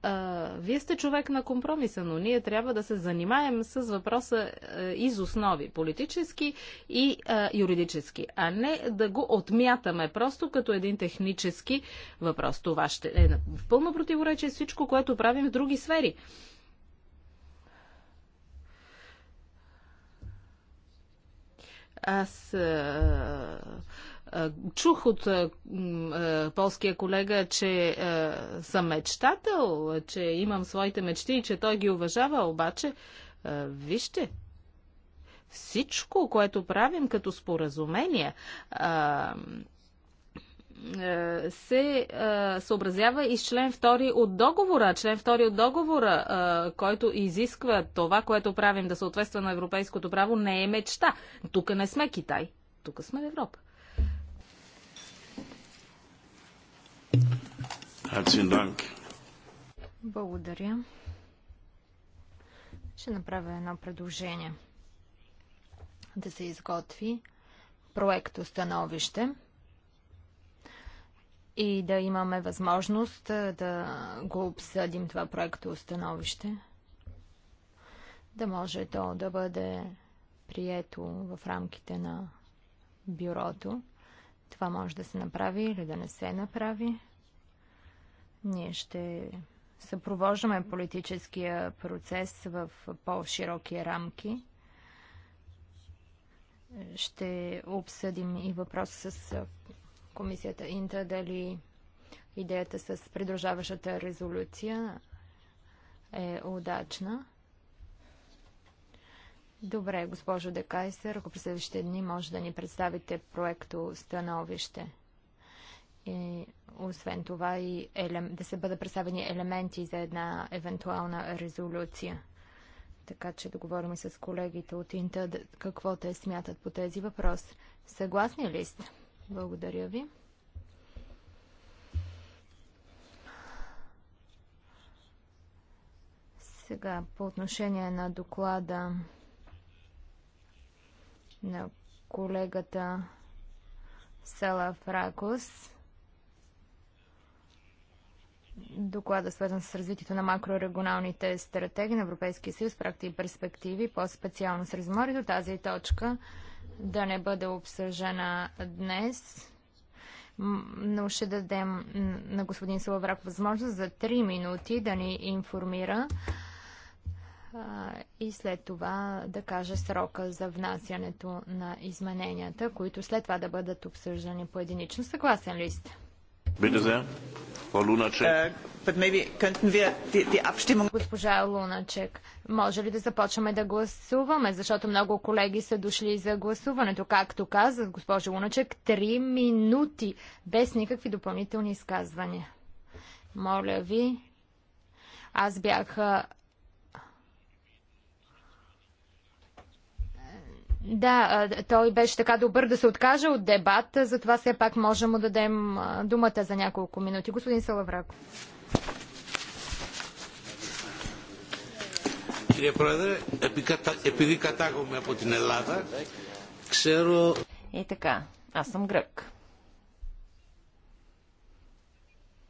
а, вие сте човек на компромиса, но ние трябва да се занимаем с въпроса а, е, из основи, политически и а, е, юридически, а не да го отмятаме просто като един технически въпрос. Това ще е в пълно противоречие с всичко, което правим в други сфери. Аз а, е, Чух от полския колега, че съм мечтател, че имам своите мечти и че той ги уважава, обаче вижте, всичко, което правим като споразумение, се съобразява и с член 2 от договора. Член 2 от договора, който изисква това, което правим да съответства на европейското право, не е мечта. Тук не сме Китай, тук сме Европа. Благодаря. Ще направя едно предложение. Да се изготви проекто становище и да имаме възможност да го обсъдим това проекто становище. Да може то да бъде прието в рамките на бюрото това може да се направи или да не се направи. Ние ще съпровождаме политическия процес в по-широки рамки. Ще обсъдим и въпрос с комисията Инта дали идеята с придружаващата резолюция е удачна. Добре, госпожо Декайсер, ако през следващите дни може да ни представите проекто становище. И, освен това и елем... да се бъдат представени елементи за една евентуална резолюция. Така че да говорим с колегите от Инта какво те смятат по тези въпроси. Съгласни ли сте? Благодаря ви. Сега по отношение на доклада на колегата Салафракос. Доклада е свързан с развитието на макрорегионалните стратегии на Европейския съюз, практи и перспективи, по-специално с до Тази точка да не бъде обсъждана днес, но ще дадем на господин Салаврак възможност за 3 минути да ни информира и след това да каже срока за внасянето на измененията, които след това да бъдат обсъждани по единично. Съгласен ли сте? Е, госпожа Луначек, може ли да започваме да гласуваме, защото много колеги са дошли за гласуването. Както каза госпожа Луначек, три минути без никакви допълнителни изказвания. Моля ви, аз бях Да, той беше така добър да се откаже от дебат, затова все пак можем да дадем думата за няколко минути. Господин Салавраков. Κύριε Πρόεδρε, επειδή κατάγομαι από την Ελλάδα, ξέρω... И е, така, аз съм грък.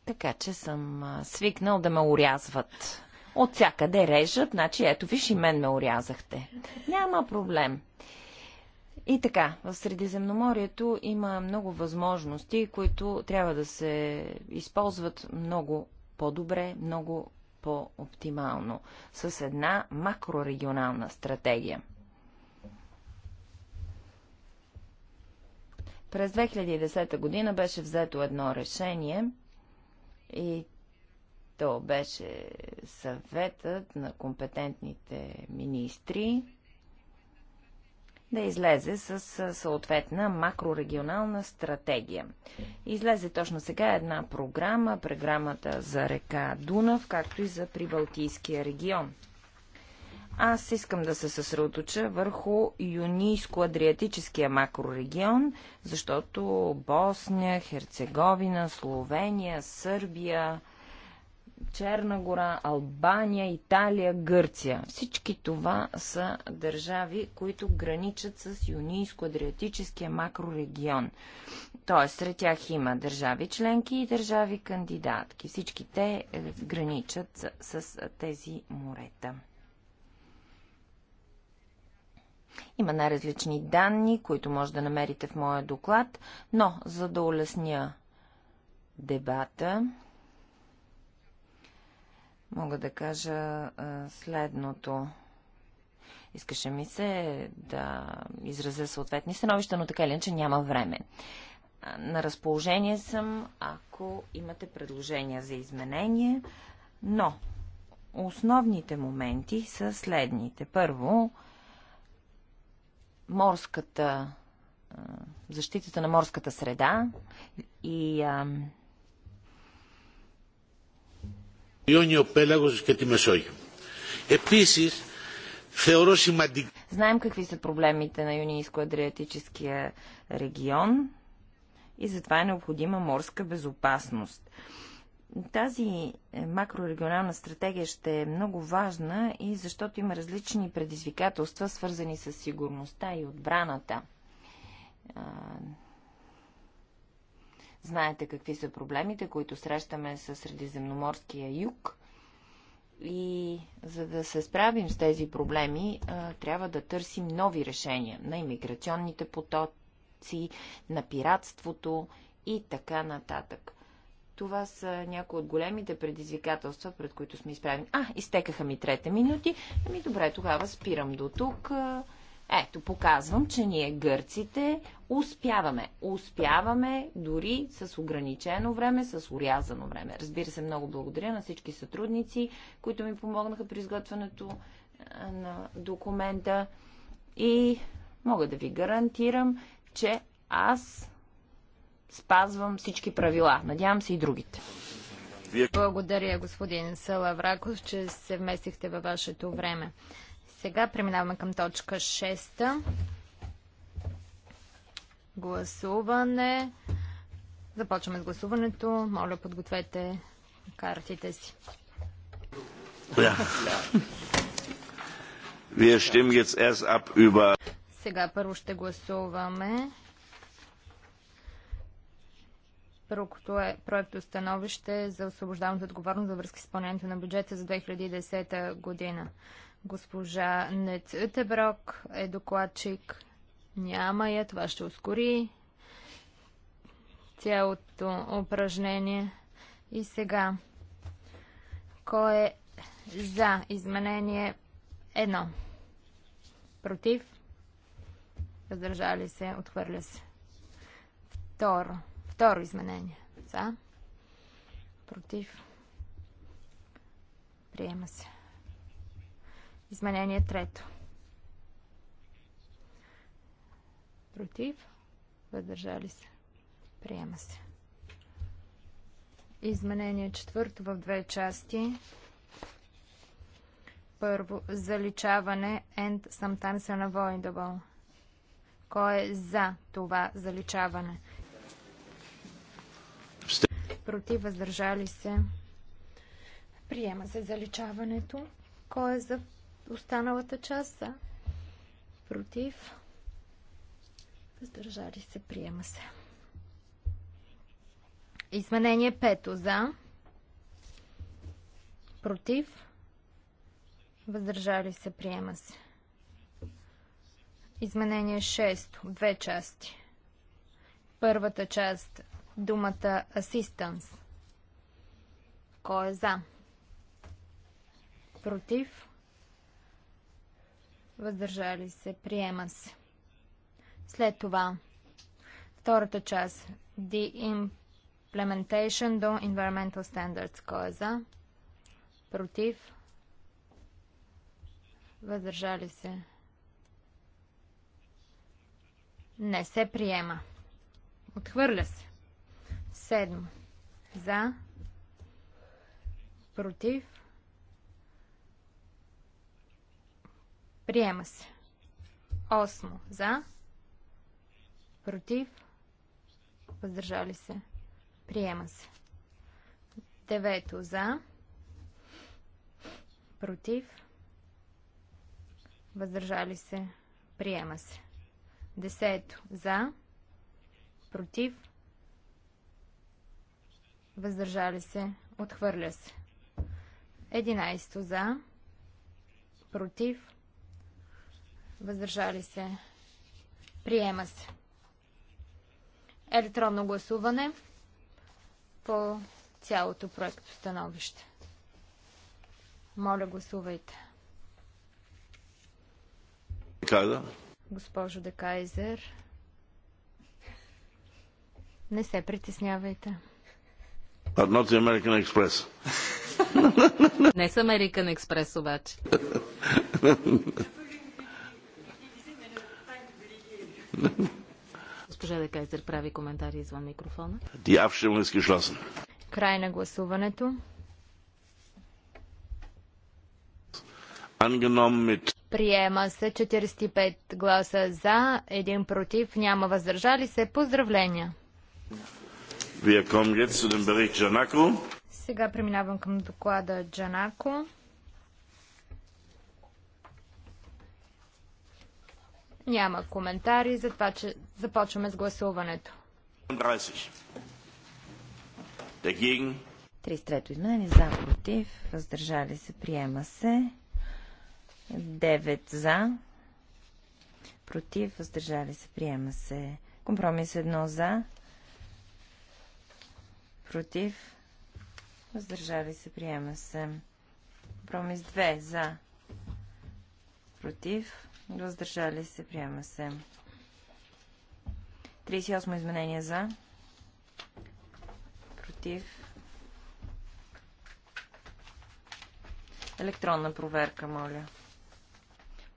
Така че съм свикнал да ме урязват. От всякъде режат, значи ето виж и мен ме урязахте. Няма проблем. И така, в Средиземноморието има много възможности, които трябва да се използват много по-добре, много по-оптимално, с една макрорегионална стратегия. През 2010 година беше взето едно решение и то беше съветът на компетентните министри да излезе с съответна макрорегионална стратегия. Излезе точно сега една програма, програмата за река Дунав, както и за Прибалтийския регион. Аз искам да се съсредоточа върху Юнийско-Адриатическия макрорегион, защото Босния, Херцеговина, Словения, Сърбия, Черна гора, Албания, Италия, Гърция. Всички това са държави, които граничат с Юнийско-Адриатическия макрорегион. Тоест, сред тях има държави членки и държави кандидатки. Всички те е, граничат с тези морета. Има най-различни данни, които може да намерите в моя доклад, но за да улесня дебата, мога да кажа следното. Искаше ми се да изразя съответни становища, но така или иначе няма време. На разположение съм, ако имате предложения за изменение, но основните моменти са следните. Първо, морската, защитата на морската среда и Ιόνιο Πέλαγος και τη Μεσόγειο. Επίσης, θεωρώ σημαντικό... Знаем какви са проблемите на Юнийско-Адриатическия регион и затова е необходима морска безопасност. Тази е, макрорегионална стратегия ще е много важна и защото има различни предизвикателства, свързани с сигурността и отбраната Знаете какви са проблемите, които срещаме с Средиземноморския юг. И за да се справим с тези проблеми, трябва да търсим нови решения на иммиграционните потоци, на пиратството и така нататък. Това са някои от големите предизвикателства, пред които сме изправени. А, изтекаха ми трета минути. Ами добре, тогава спирам до тук. Ето, показвам, че ние гърците успяваме. Успяваме дори с ограничено време, с урязано време. Разбира се, много благодаря на всички сътрудници, които ми помогнаха при изготвянето на документа. И мога да ви гарантирам, че аз спазвам всички правила. Надявам се и другите. Благодаря, господин Салавраков, че се вместихте във вашето време. Сега преминаваме към точка 6. Гласуване. Започваме с гласуването. Моля, подгответе картите си. Сега първо ще гласуваме е проект установище за освобождаването отговорност за връзка с изпълнението на бюджета за 2010 година. Госпожа Нец е докладчик. Няма я. Това ще ускори цялото упражнение. И сега, кой е за изменение Едно Против? Въздържали се, отхвърля се. Второ. Второ изменение. За? Против? Приема се. Изменение трето. Против. Въздържали се. Приема се. Изменение четвърто в две части. Първо, заличаване and sometimes unavoidable. Кой е за това заличаване? Против, въздържали се. Приема се заличаването. Кой е за Останалата част за. Против. Въздържали се. Приема се. Изменение 5 за. Против. Въздържали се. Приема се. Изменение 6. Две части. Първата част. Думата assistance. Кой е за? Против въздържали се, приема се. След това, втората част, The Implementation до Environmental Standards, кой е за, против, въздържали се, не се приема. Отхвърля се. Седмо. За. Против. Приема се. Осмо. За. Против. Въздържали се. Приема се. Девето. За. Против. Въздържали се. Приема се. Десето. За. Против. Въздържали се. Отхвърля се. Единайсто. За. Против въздържали се, приема се. Електронно гласуване по цялото проекто становище. Моля, гласувайте. Каза. Госпожо Декайзер, не се притеснявайте. But not the American Express. не с American Express обаче. Госпожа Декайзер прави коментари извън микрофона. Край на гласуването. Приема се 45 гласа за, един против, няма въздържали се. Поздравления! Сега преминавам към доклада Джанако. Няма коментари, затова че започваме с гласуването. 33-то изменение за, против, въздържали се, приема се. 9 за, против, въздържали се, приема се. Компромис 1 за, против, въздържали се, приема се. Компромис 2 за, против, Въздържали се. Приема се. 38 изменение за. Против. Електронна проверка, моля.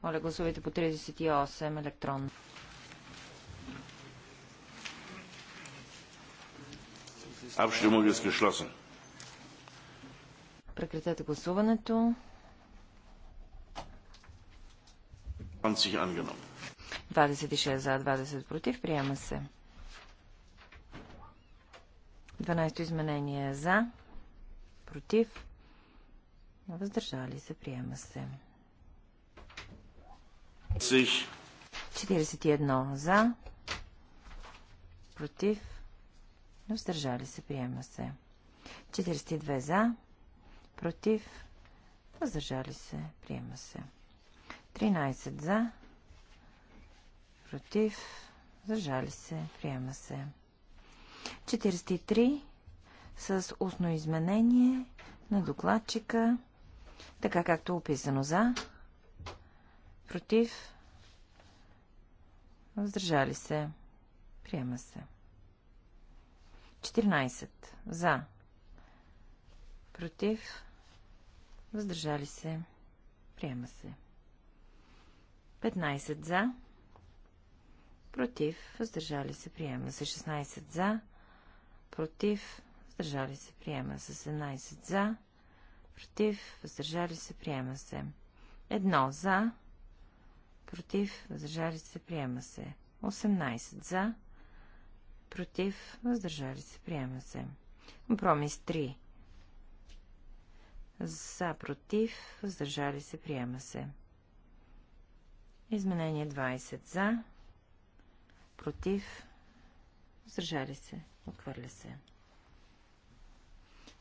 Моля, гласувайте по 38 електронно. Abstimmung ist да Прекратете гласуването. 26 за, 20 против. Приема се. 12 изменение за, против, въздържали се, приема се. 41 за, против, въздържали се, приема се. 42 за, против, въздържали се, приема се. 13 за, против, зажали се, приема се. 43 с устно изменение на докладчика, така както е описано за, против, въздържали се, приема се. 14 за, против, въздържали се, приема се. 15 за, против, въздържали се, приема се 16 за, против, въздържали се, приема се 17 за, против, въздържали се, приема се 1 за, против, въздържали се, приема се 18 за, против, въздържали се, приема се. Компромис 3. За, против, въздържали се, приема се. Изменение 20 за, против, въздържали се, отхвърля се.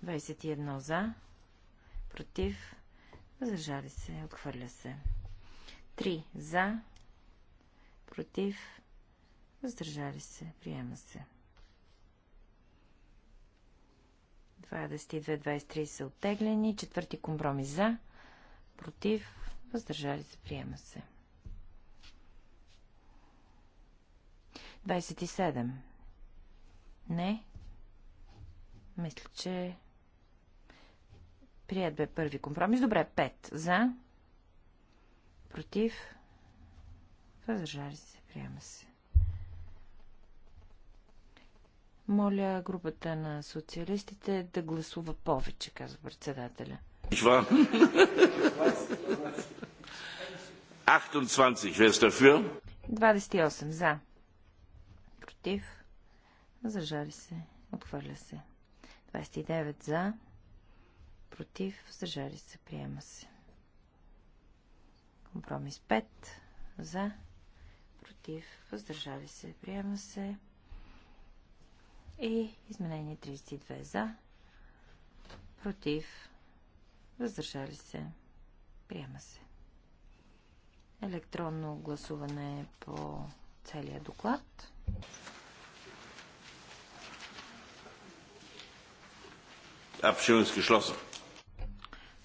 21 за, против, въздържали се, отхвърля се. 3 за, против, въздържали се, приема се. 22-23 са оттеглени, четвърти компромис за, против, въздържали се, приема се. 27. Не. Мисля, че прият бе първи компромис. Добре, 5. За. Против. Въздържали се. Приема се. Моля групата на социалистите да гласува повече, казва председателя. 28 за против, въздържали се, отхвърля се. 29 за, против, въздържали се, приема се. Компромис 5 за, против, въздържали се, приема се. И изменение 32 за, против, въздържали се, приема се. Електронно гласуване по целия доклад.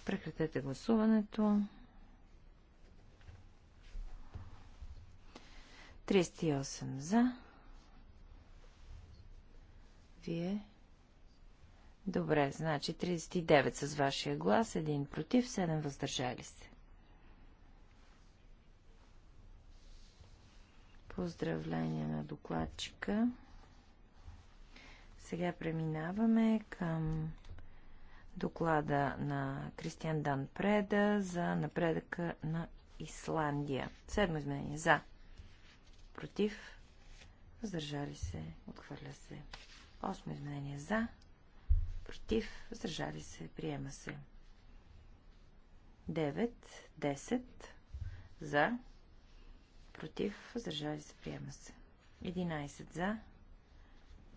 Прекратете гласуването. 38 за. Вие. Добре, значи 39 с вашия глас, 1 против, 7 въздържали се. Поздравление на докладчика. Сега преминаваме към доклада на Кристиан Дан Преда за напредъка на Исландия. Седмо изменение. За. Против. Въздържали се. Отхвърля се. Осмо изменение. За. Против. Въздържали се. Приема се. 9. 10. За. Против. Въздържали се. Приема се. 11. За.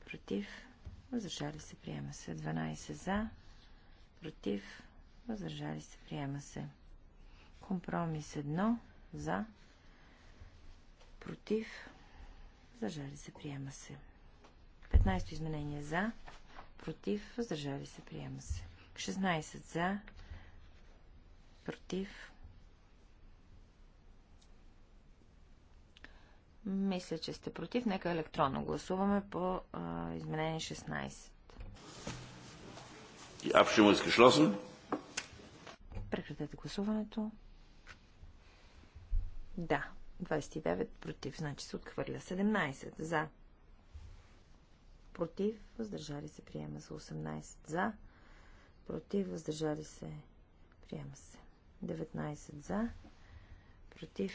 Против. Въздържали се. Приема се. 12. За против, въздържали се, приема се. Компромис 1 за, против, въздържали се, приема се. 15 изменение за, против, въздържали се, приема се. 16 за, против. Мисля, че сте против. Нека електронно гласуваме по а, изменение 16. Прекратете гласуването. Да. 29 против, значи се отхвърля. 17 за. Против, въздържали се, приема се. 18 за. Против, въздържали се, приема се. 19 за. Против,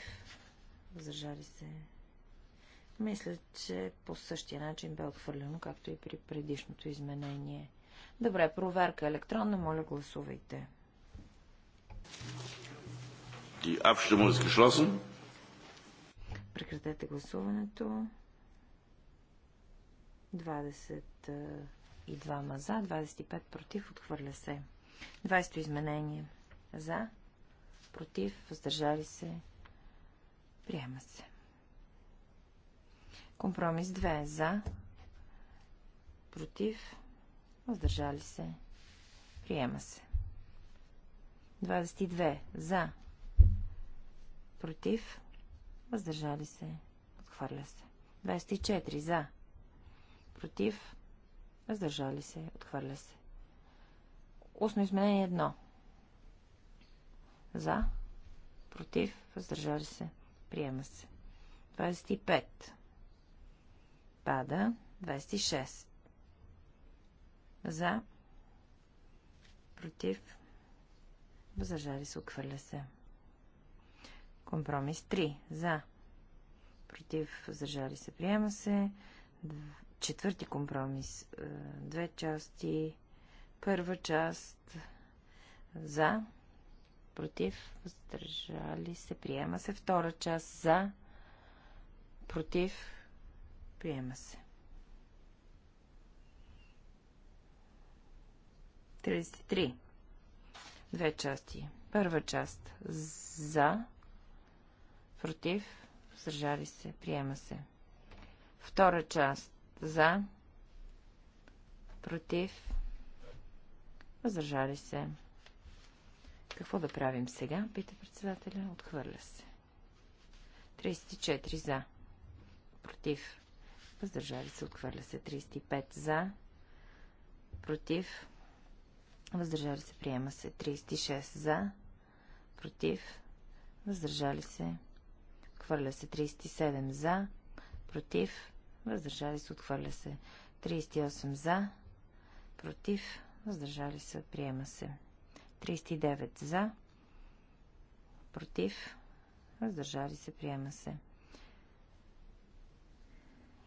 въздържали се. Мисля, че по същия начин бе отхвърлено, както и при предишното изменение. Добре, проверка електронна, моля гласувайте. Die Abstimmung ist geschlossen. Прекратете гласуването. 22 за, 25 против, отхвърля се. 20 изменение. За, против, въздържали се, приема се. Компромис 2. За, против, Въздържали се. Приема се. 22. За. Против. Въздържали се. Отхвърля се. 24. За. Против. Въздържали се. Отхвърля се. Устно изменение 1. За. Против. Въздържали се. Приема се. 25. Пада. 26. За. Против. Въздържали се. Отхвърля се. Компромис 3. За. Против. Въздържали се. Приема се. Четвърти компромис. Е, две части. Първа част. За. Против. Въздържали се. Приема се. Втора част. За. Против. Приема се. 33. Две части. Първа част за, против, съжали се, приема се. Втора част за, против, въздържали се. Какво да правим сега? Пита председателя. Отхвърля се. 34 за. Против. Въздържали се. Отхвърля се. 35 за. Против. Въздържали се. Приема се. 36 за. Против. Въздържали се. Отхвърля се. 37 за. Против. Въздържали се. Отхвърля се. 38 за. Против. Въздържали се. Приема се. 39 за. Против. Въздържали се. Приема се.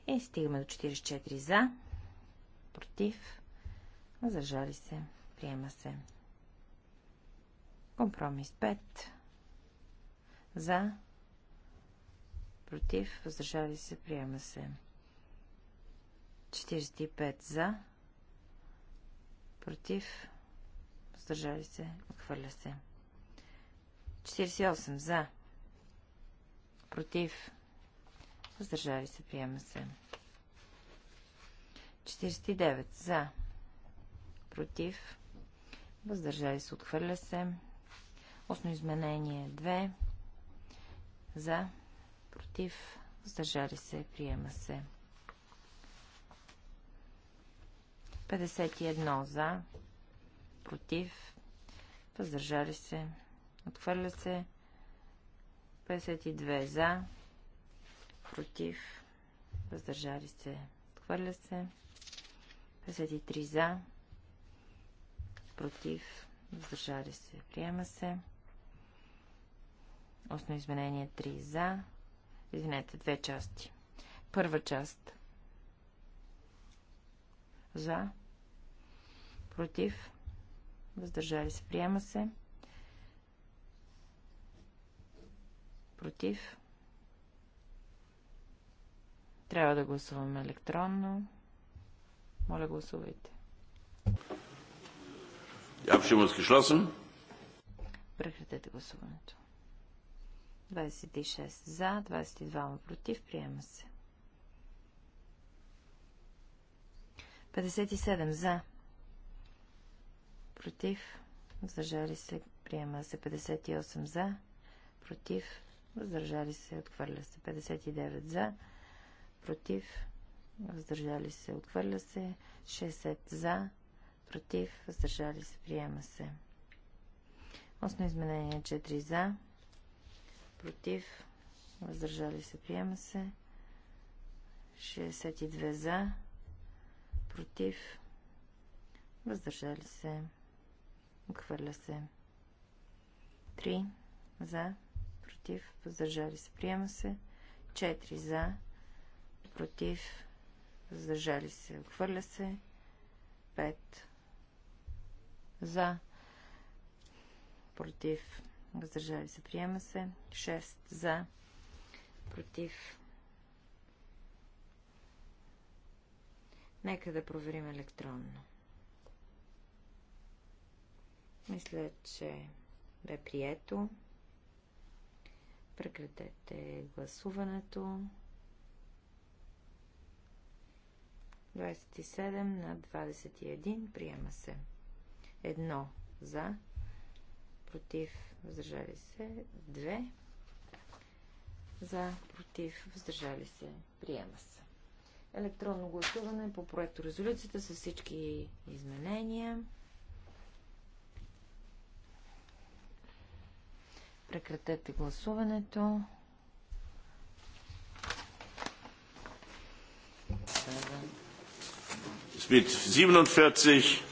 И стигаме до 44 за. Против. Въздържали се. Приема се. Компромис 5. За. Против. Въздържали се. Приема се. 45 за. Против. Въздържали се. Отхвърля се. 48 за. Против. Въздържали се. Приема се. 49 за. Против. Въздържали се. Отхвърля се. Осно изменение 2. За. Против. Въздържали се. Приема се. 51 за. Против. Въздържали се. Отхвърля се. 52 за. Против. Въздържали се. Отхвърля се. 53 за против, въздържали се, приема се. Осно изменение 3 за. Извинете, две части. Първа част. За. Против. Въздържали се. Приема се. Против. Трябва да гласуваме електронно. Моля, гласувайте. Прекратете гласуването. 26 за, 22 против. Приема се. 57 за. Против. Въздържали се. Приема се. 58 за. Против. Въздържали се. Отхвърля се. 59 за. Против. Въздържали се. Отхвърля се. 60 за против, въздържали се, приема се. Осно изменение 4 за, против, въздържали се, приема се. 62 за, против, въздържали се, отхвърля се. 3 за, против, въздържали се, приема се. 4 за, против, въздържали се, отхвърля се. 5 за, против, въздържали се, приема се, 6 за, против. Нека да проверим електронно. Мисля, че бе прието. Прекратете гласуването. 27 на 21 приема се. Едно за, против, въздържали се, Две за, против, въздържали се, приема се. Електронно гласуване по проекто резолюцията с всички изменения. Прекратете гласуването. С 47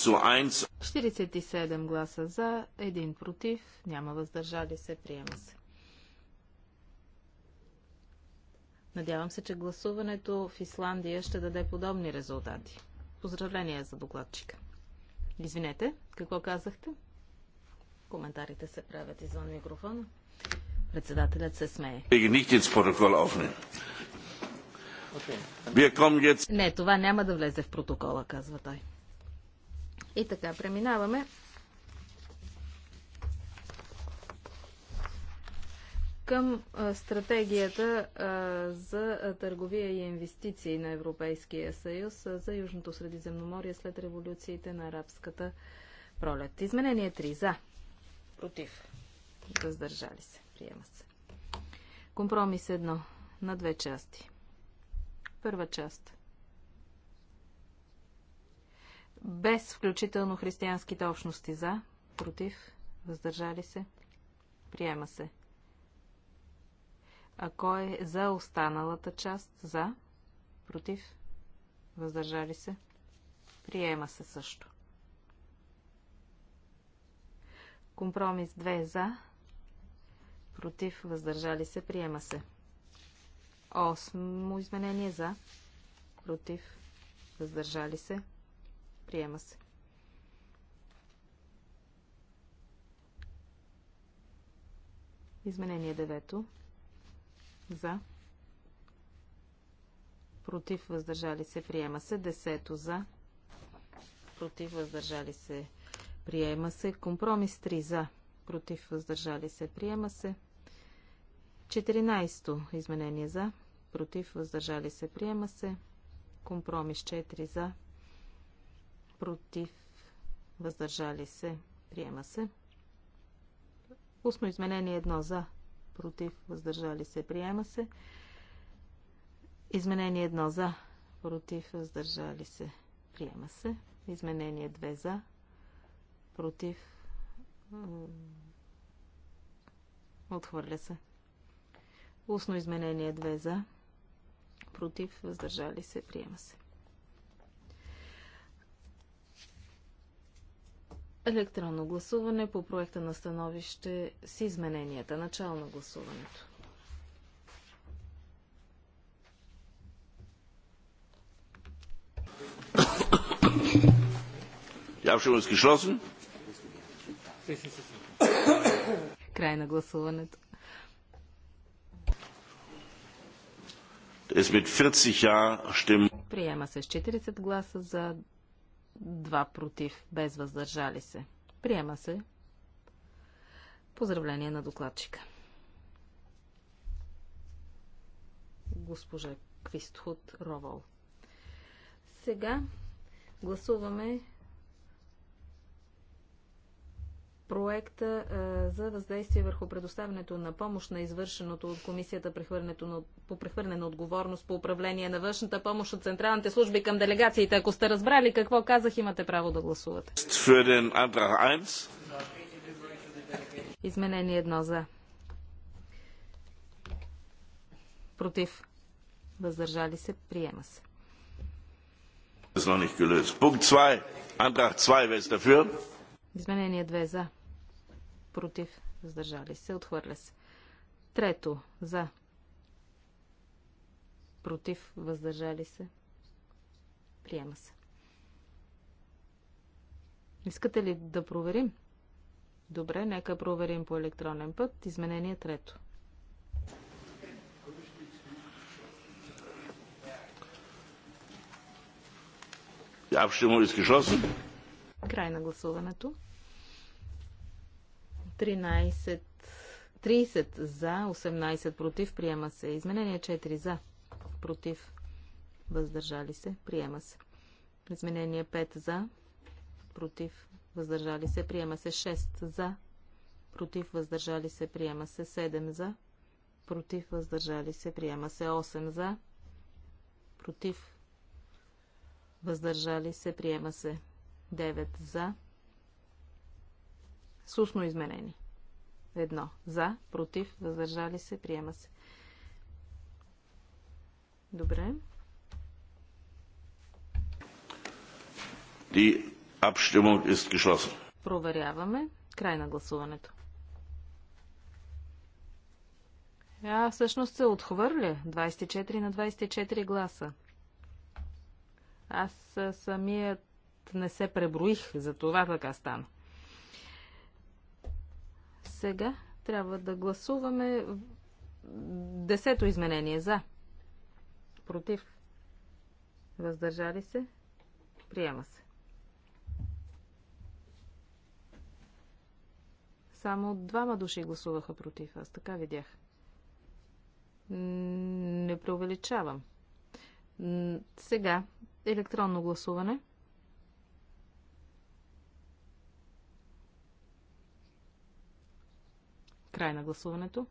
47 гласа за, 1 против, няма въздържали се, приема се. Надявам се, че гласуването в Исландия ще даде подобни резултати. Поздравления за докладчика. Извинете, какво казахте? Коментарите се правят извън микрофона. Председателят се смее. Не, това няма да влезе в протокола, казва той. И така, преминаваме към стратегията за търговия и инвестиции на Европейския съюз за Южното Средиземноморие след революциите на арабската пролет. Изменение 3. За. Против. Въздържали се. Приема се. Компромис 1 на две части. Първа част без включително християнските общности за, против, въздържали се, приема се. А кой е за останалата част, за, против, въздържали се, приема се също. Компромис 2 е за, против, въздържали се, приема се. Осмо изменение за, против, въздържали се, Приема се. Изменение 9. За. Против въздържали се. Приема се. 10. За. Против въздържали се. Приема се. Компромис 3. За. Против въздържали се. Приема се. 14. Изменение за. Против въздържали се. Приема се. Компромис 4. За против, въздържали се, приема се. Устно изменение 1 за, против, въздържали се, приема се. Изменение едно за, против, въздържали се, приема се. Изменение 2 за, против, отхвърля се. Устно изменение 2 за, против, въздържали се, приема се. Електронно гласуване по проекта на становище с измененията. Начало на гласуването. Край на гласуването. Приема се с 40 гласа за Два против, без въздържали се. Приема се. Поздравление на докладчика. Госпожа Квистхут Ровол. Сега гласуваме проекта за въздействие върху предоставянето на помощ на извършеното от комисията по по на отговорност по управление на външната помощ от централните служби към делегациите. Ако сте разбрали какво казах, имате право да гласувате. Изменение едно за. Против. Въздържали се. Приема се. 2. 2. Изменение 2 за против, въздържали се, отхвърля се. Трето, за, против, въздържали се, приема се. Искате ли да проверим? Добре, нека проверим по електронен път. Изменение трето. Край на гласуването. 13, 30 за, 18 против, приема се. Изменение 4 за, против, въздържали се, приема се. Изменение 5 за, против, въздържали се, приема се 6 за, против, въздържали се, приема се 7 за, против, въздържали се, приема се 8 за, против, въздържали се, приема се 9 за, с устно изменение. Едно. За, против, въздържали се, приема се. Добре. Die Abstimmung изкишлас. Проверяваме. Край на гласуването. А, всъщност се отхвърля. 24 на 24 гласа. Аз самият не се преброих, за това така стана. Сега трябва да гласуваме десето изменение за. Против. Въздържали се. Приема се. Само двама души гласуваха против. Аз така видях. Не преувеличавам. Сега електронно гласуване. Край на гласуването.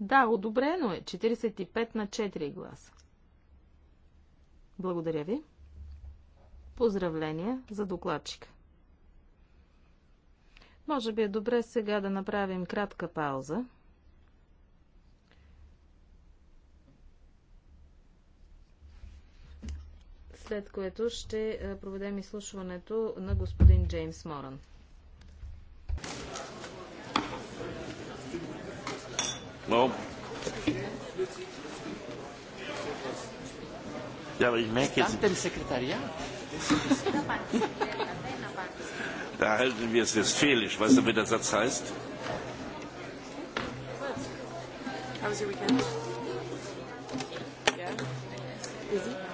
Да, одобрено е. 45 на 4 гласа. Благодаря ви. Поздравления за докладчика. Може би е добре сега да направим кратка пауза. след което ще проведем изслушването на господин Джеймс Моран. Bon. Ja, aber ich merke jetzt. Dank dem Sekretariat. da halten wir es westfälisch. Weißt du, wie der Satz heißt? How was your weekend? Yeah. Busy?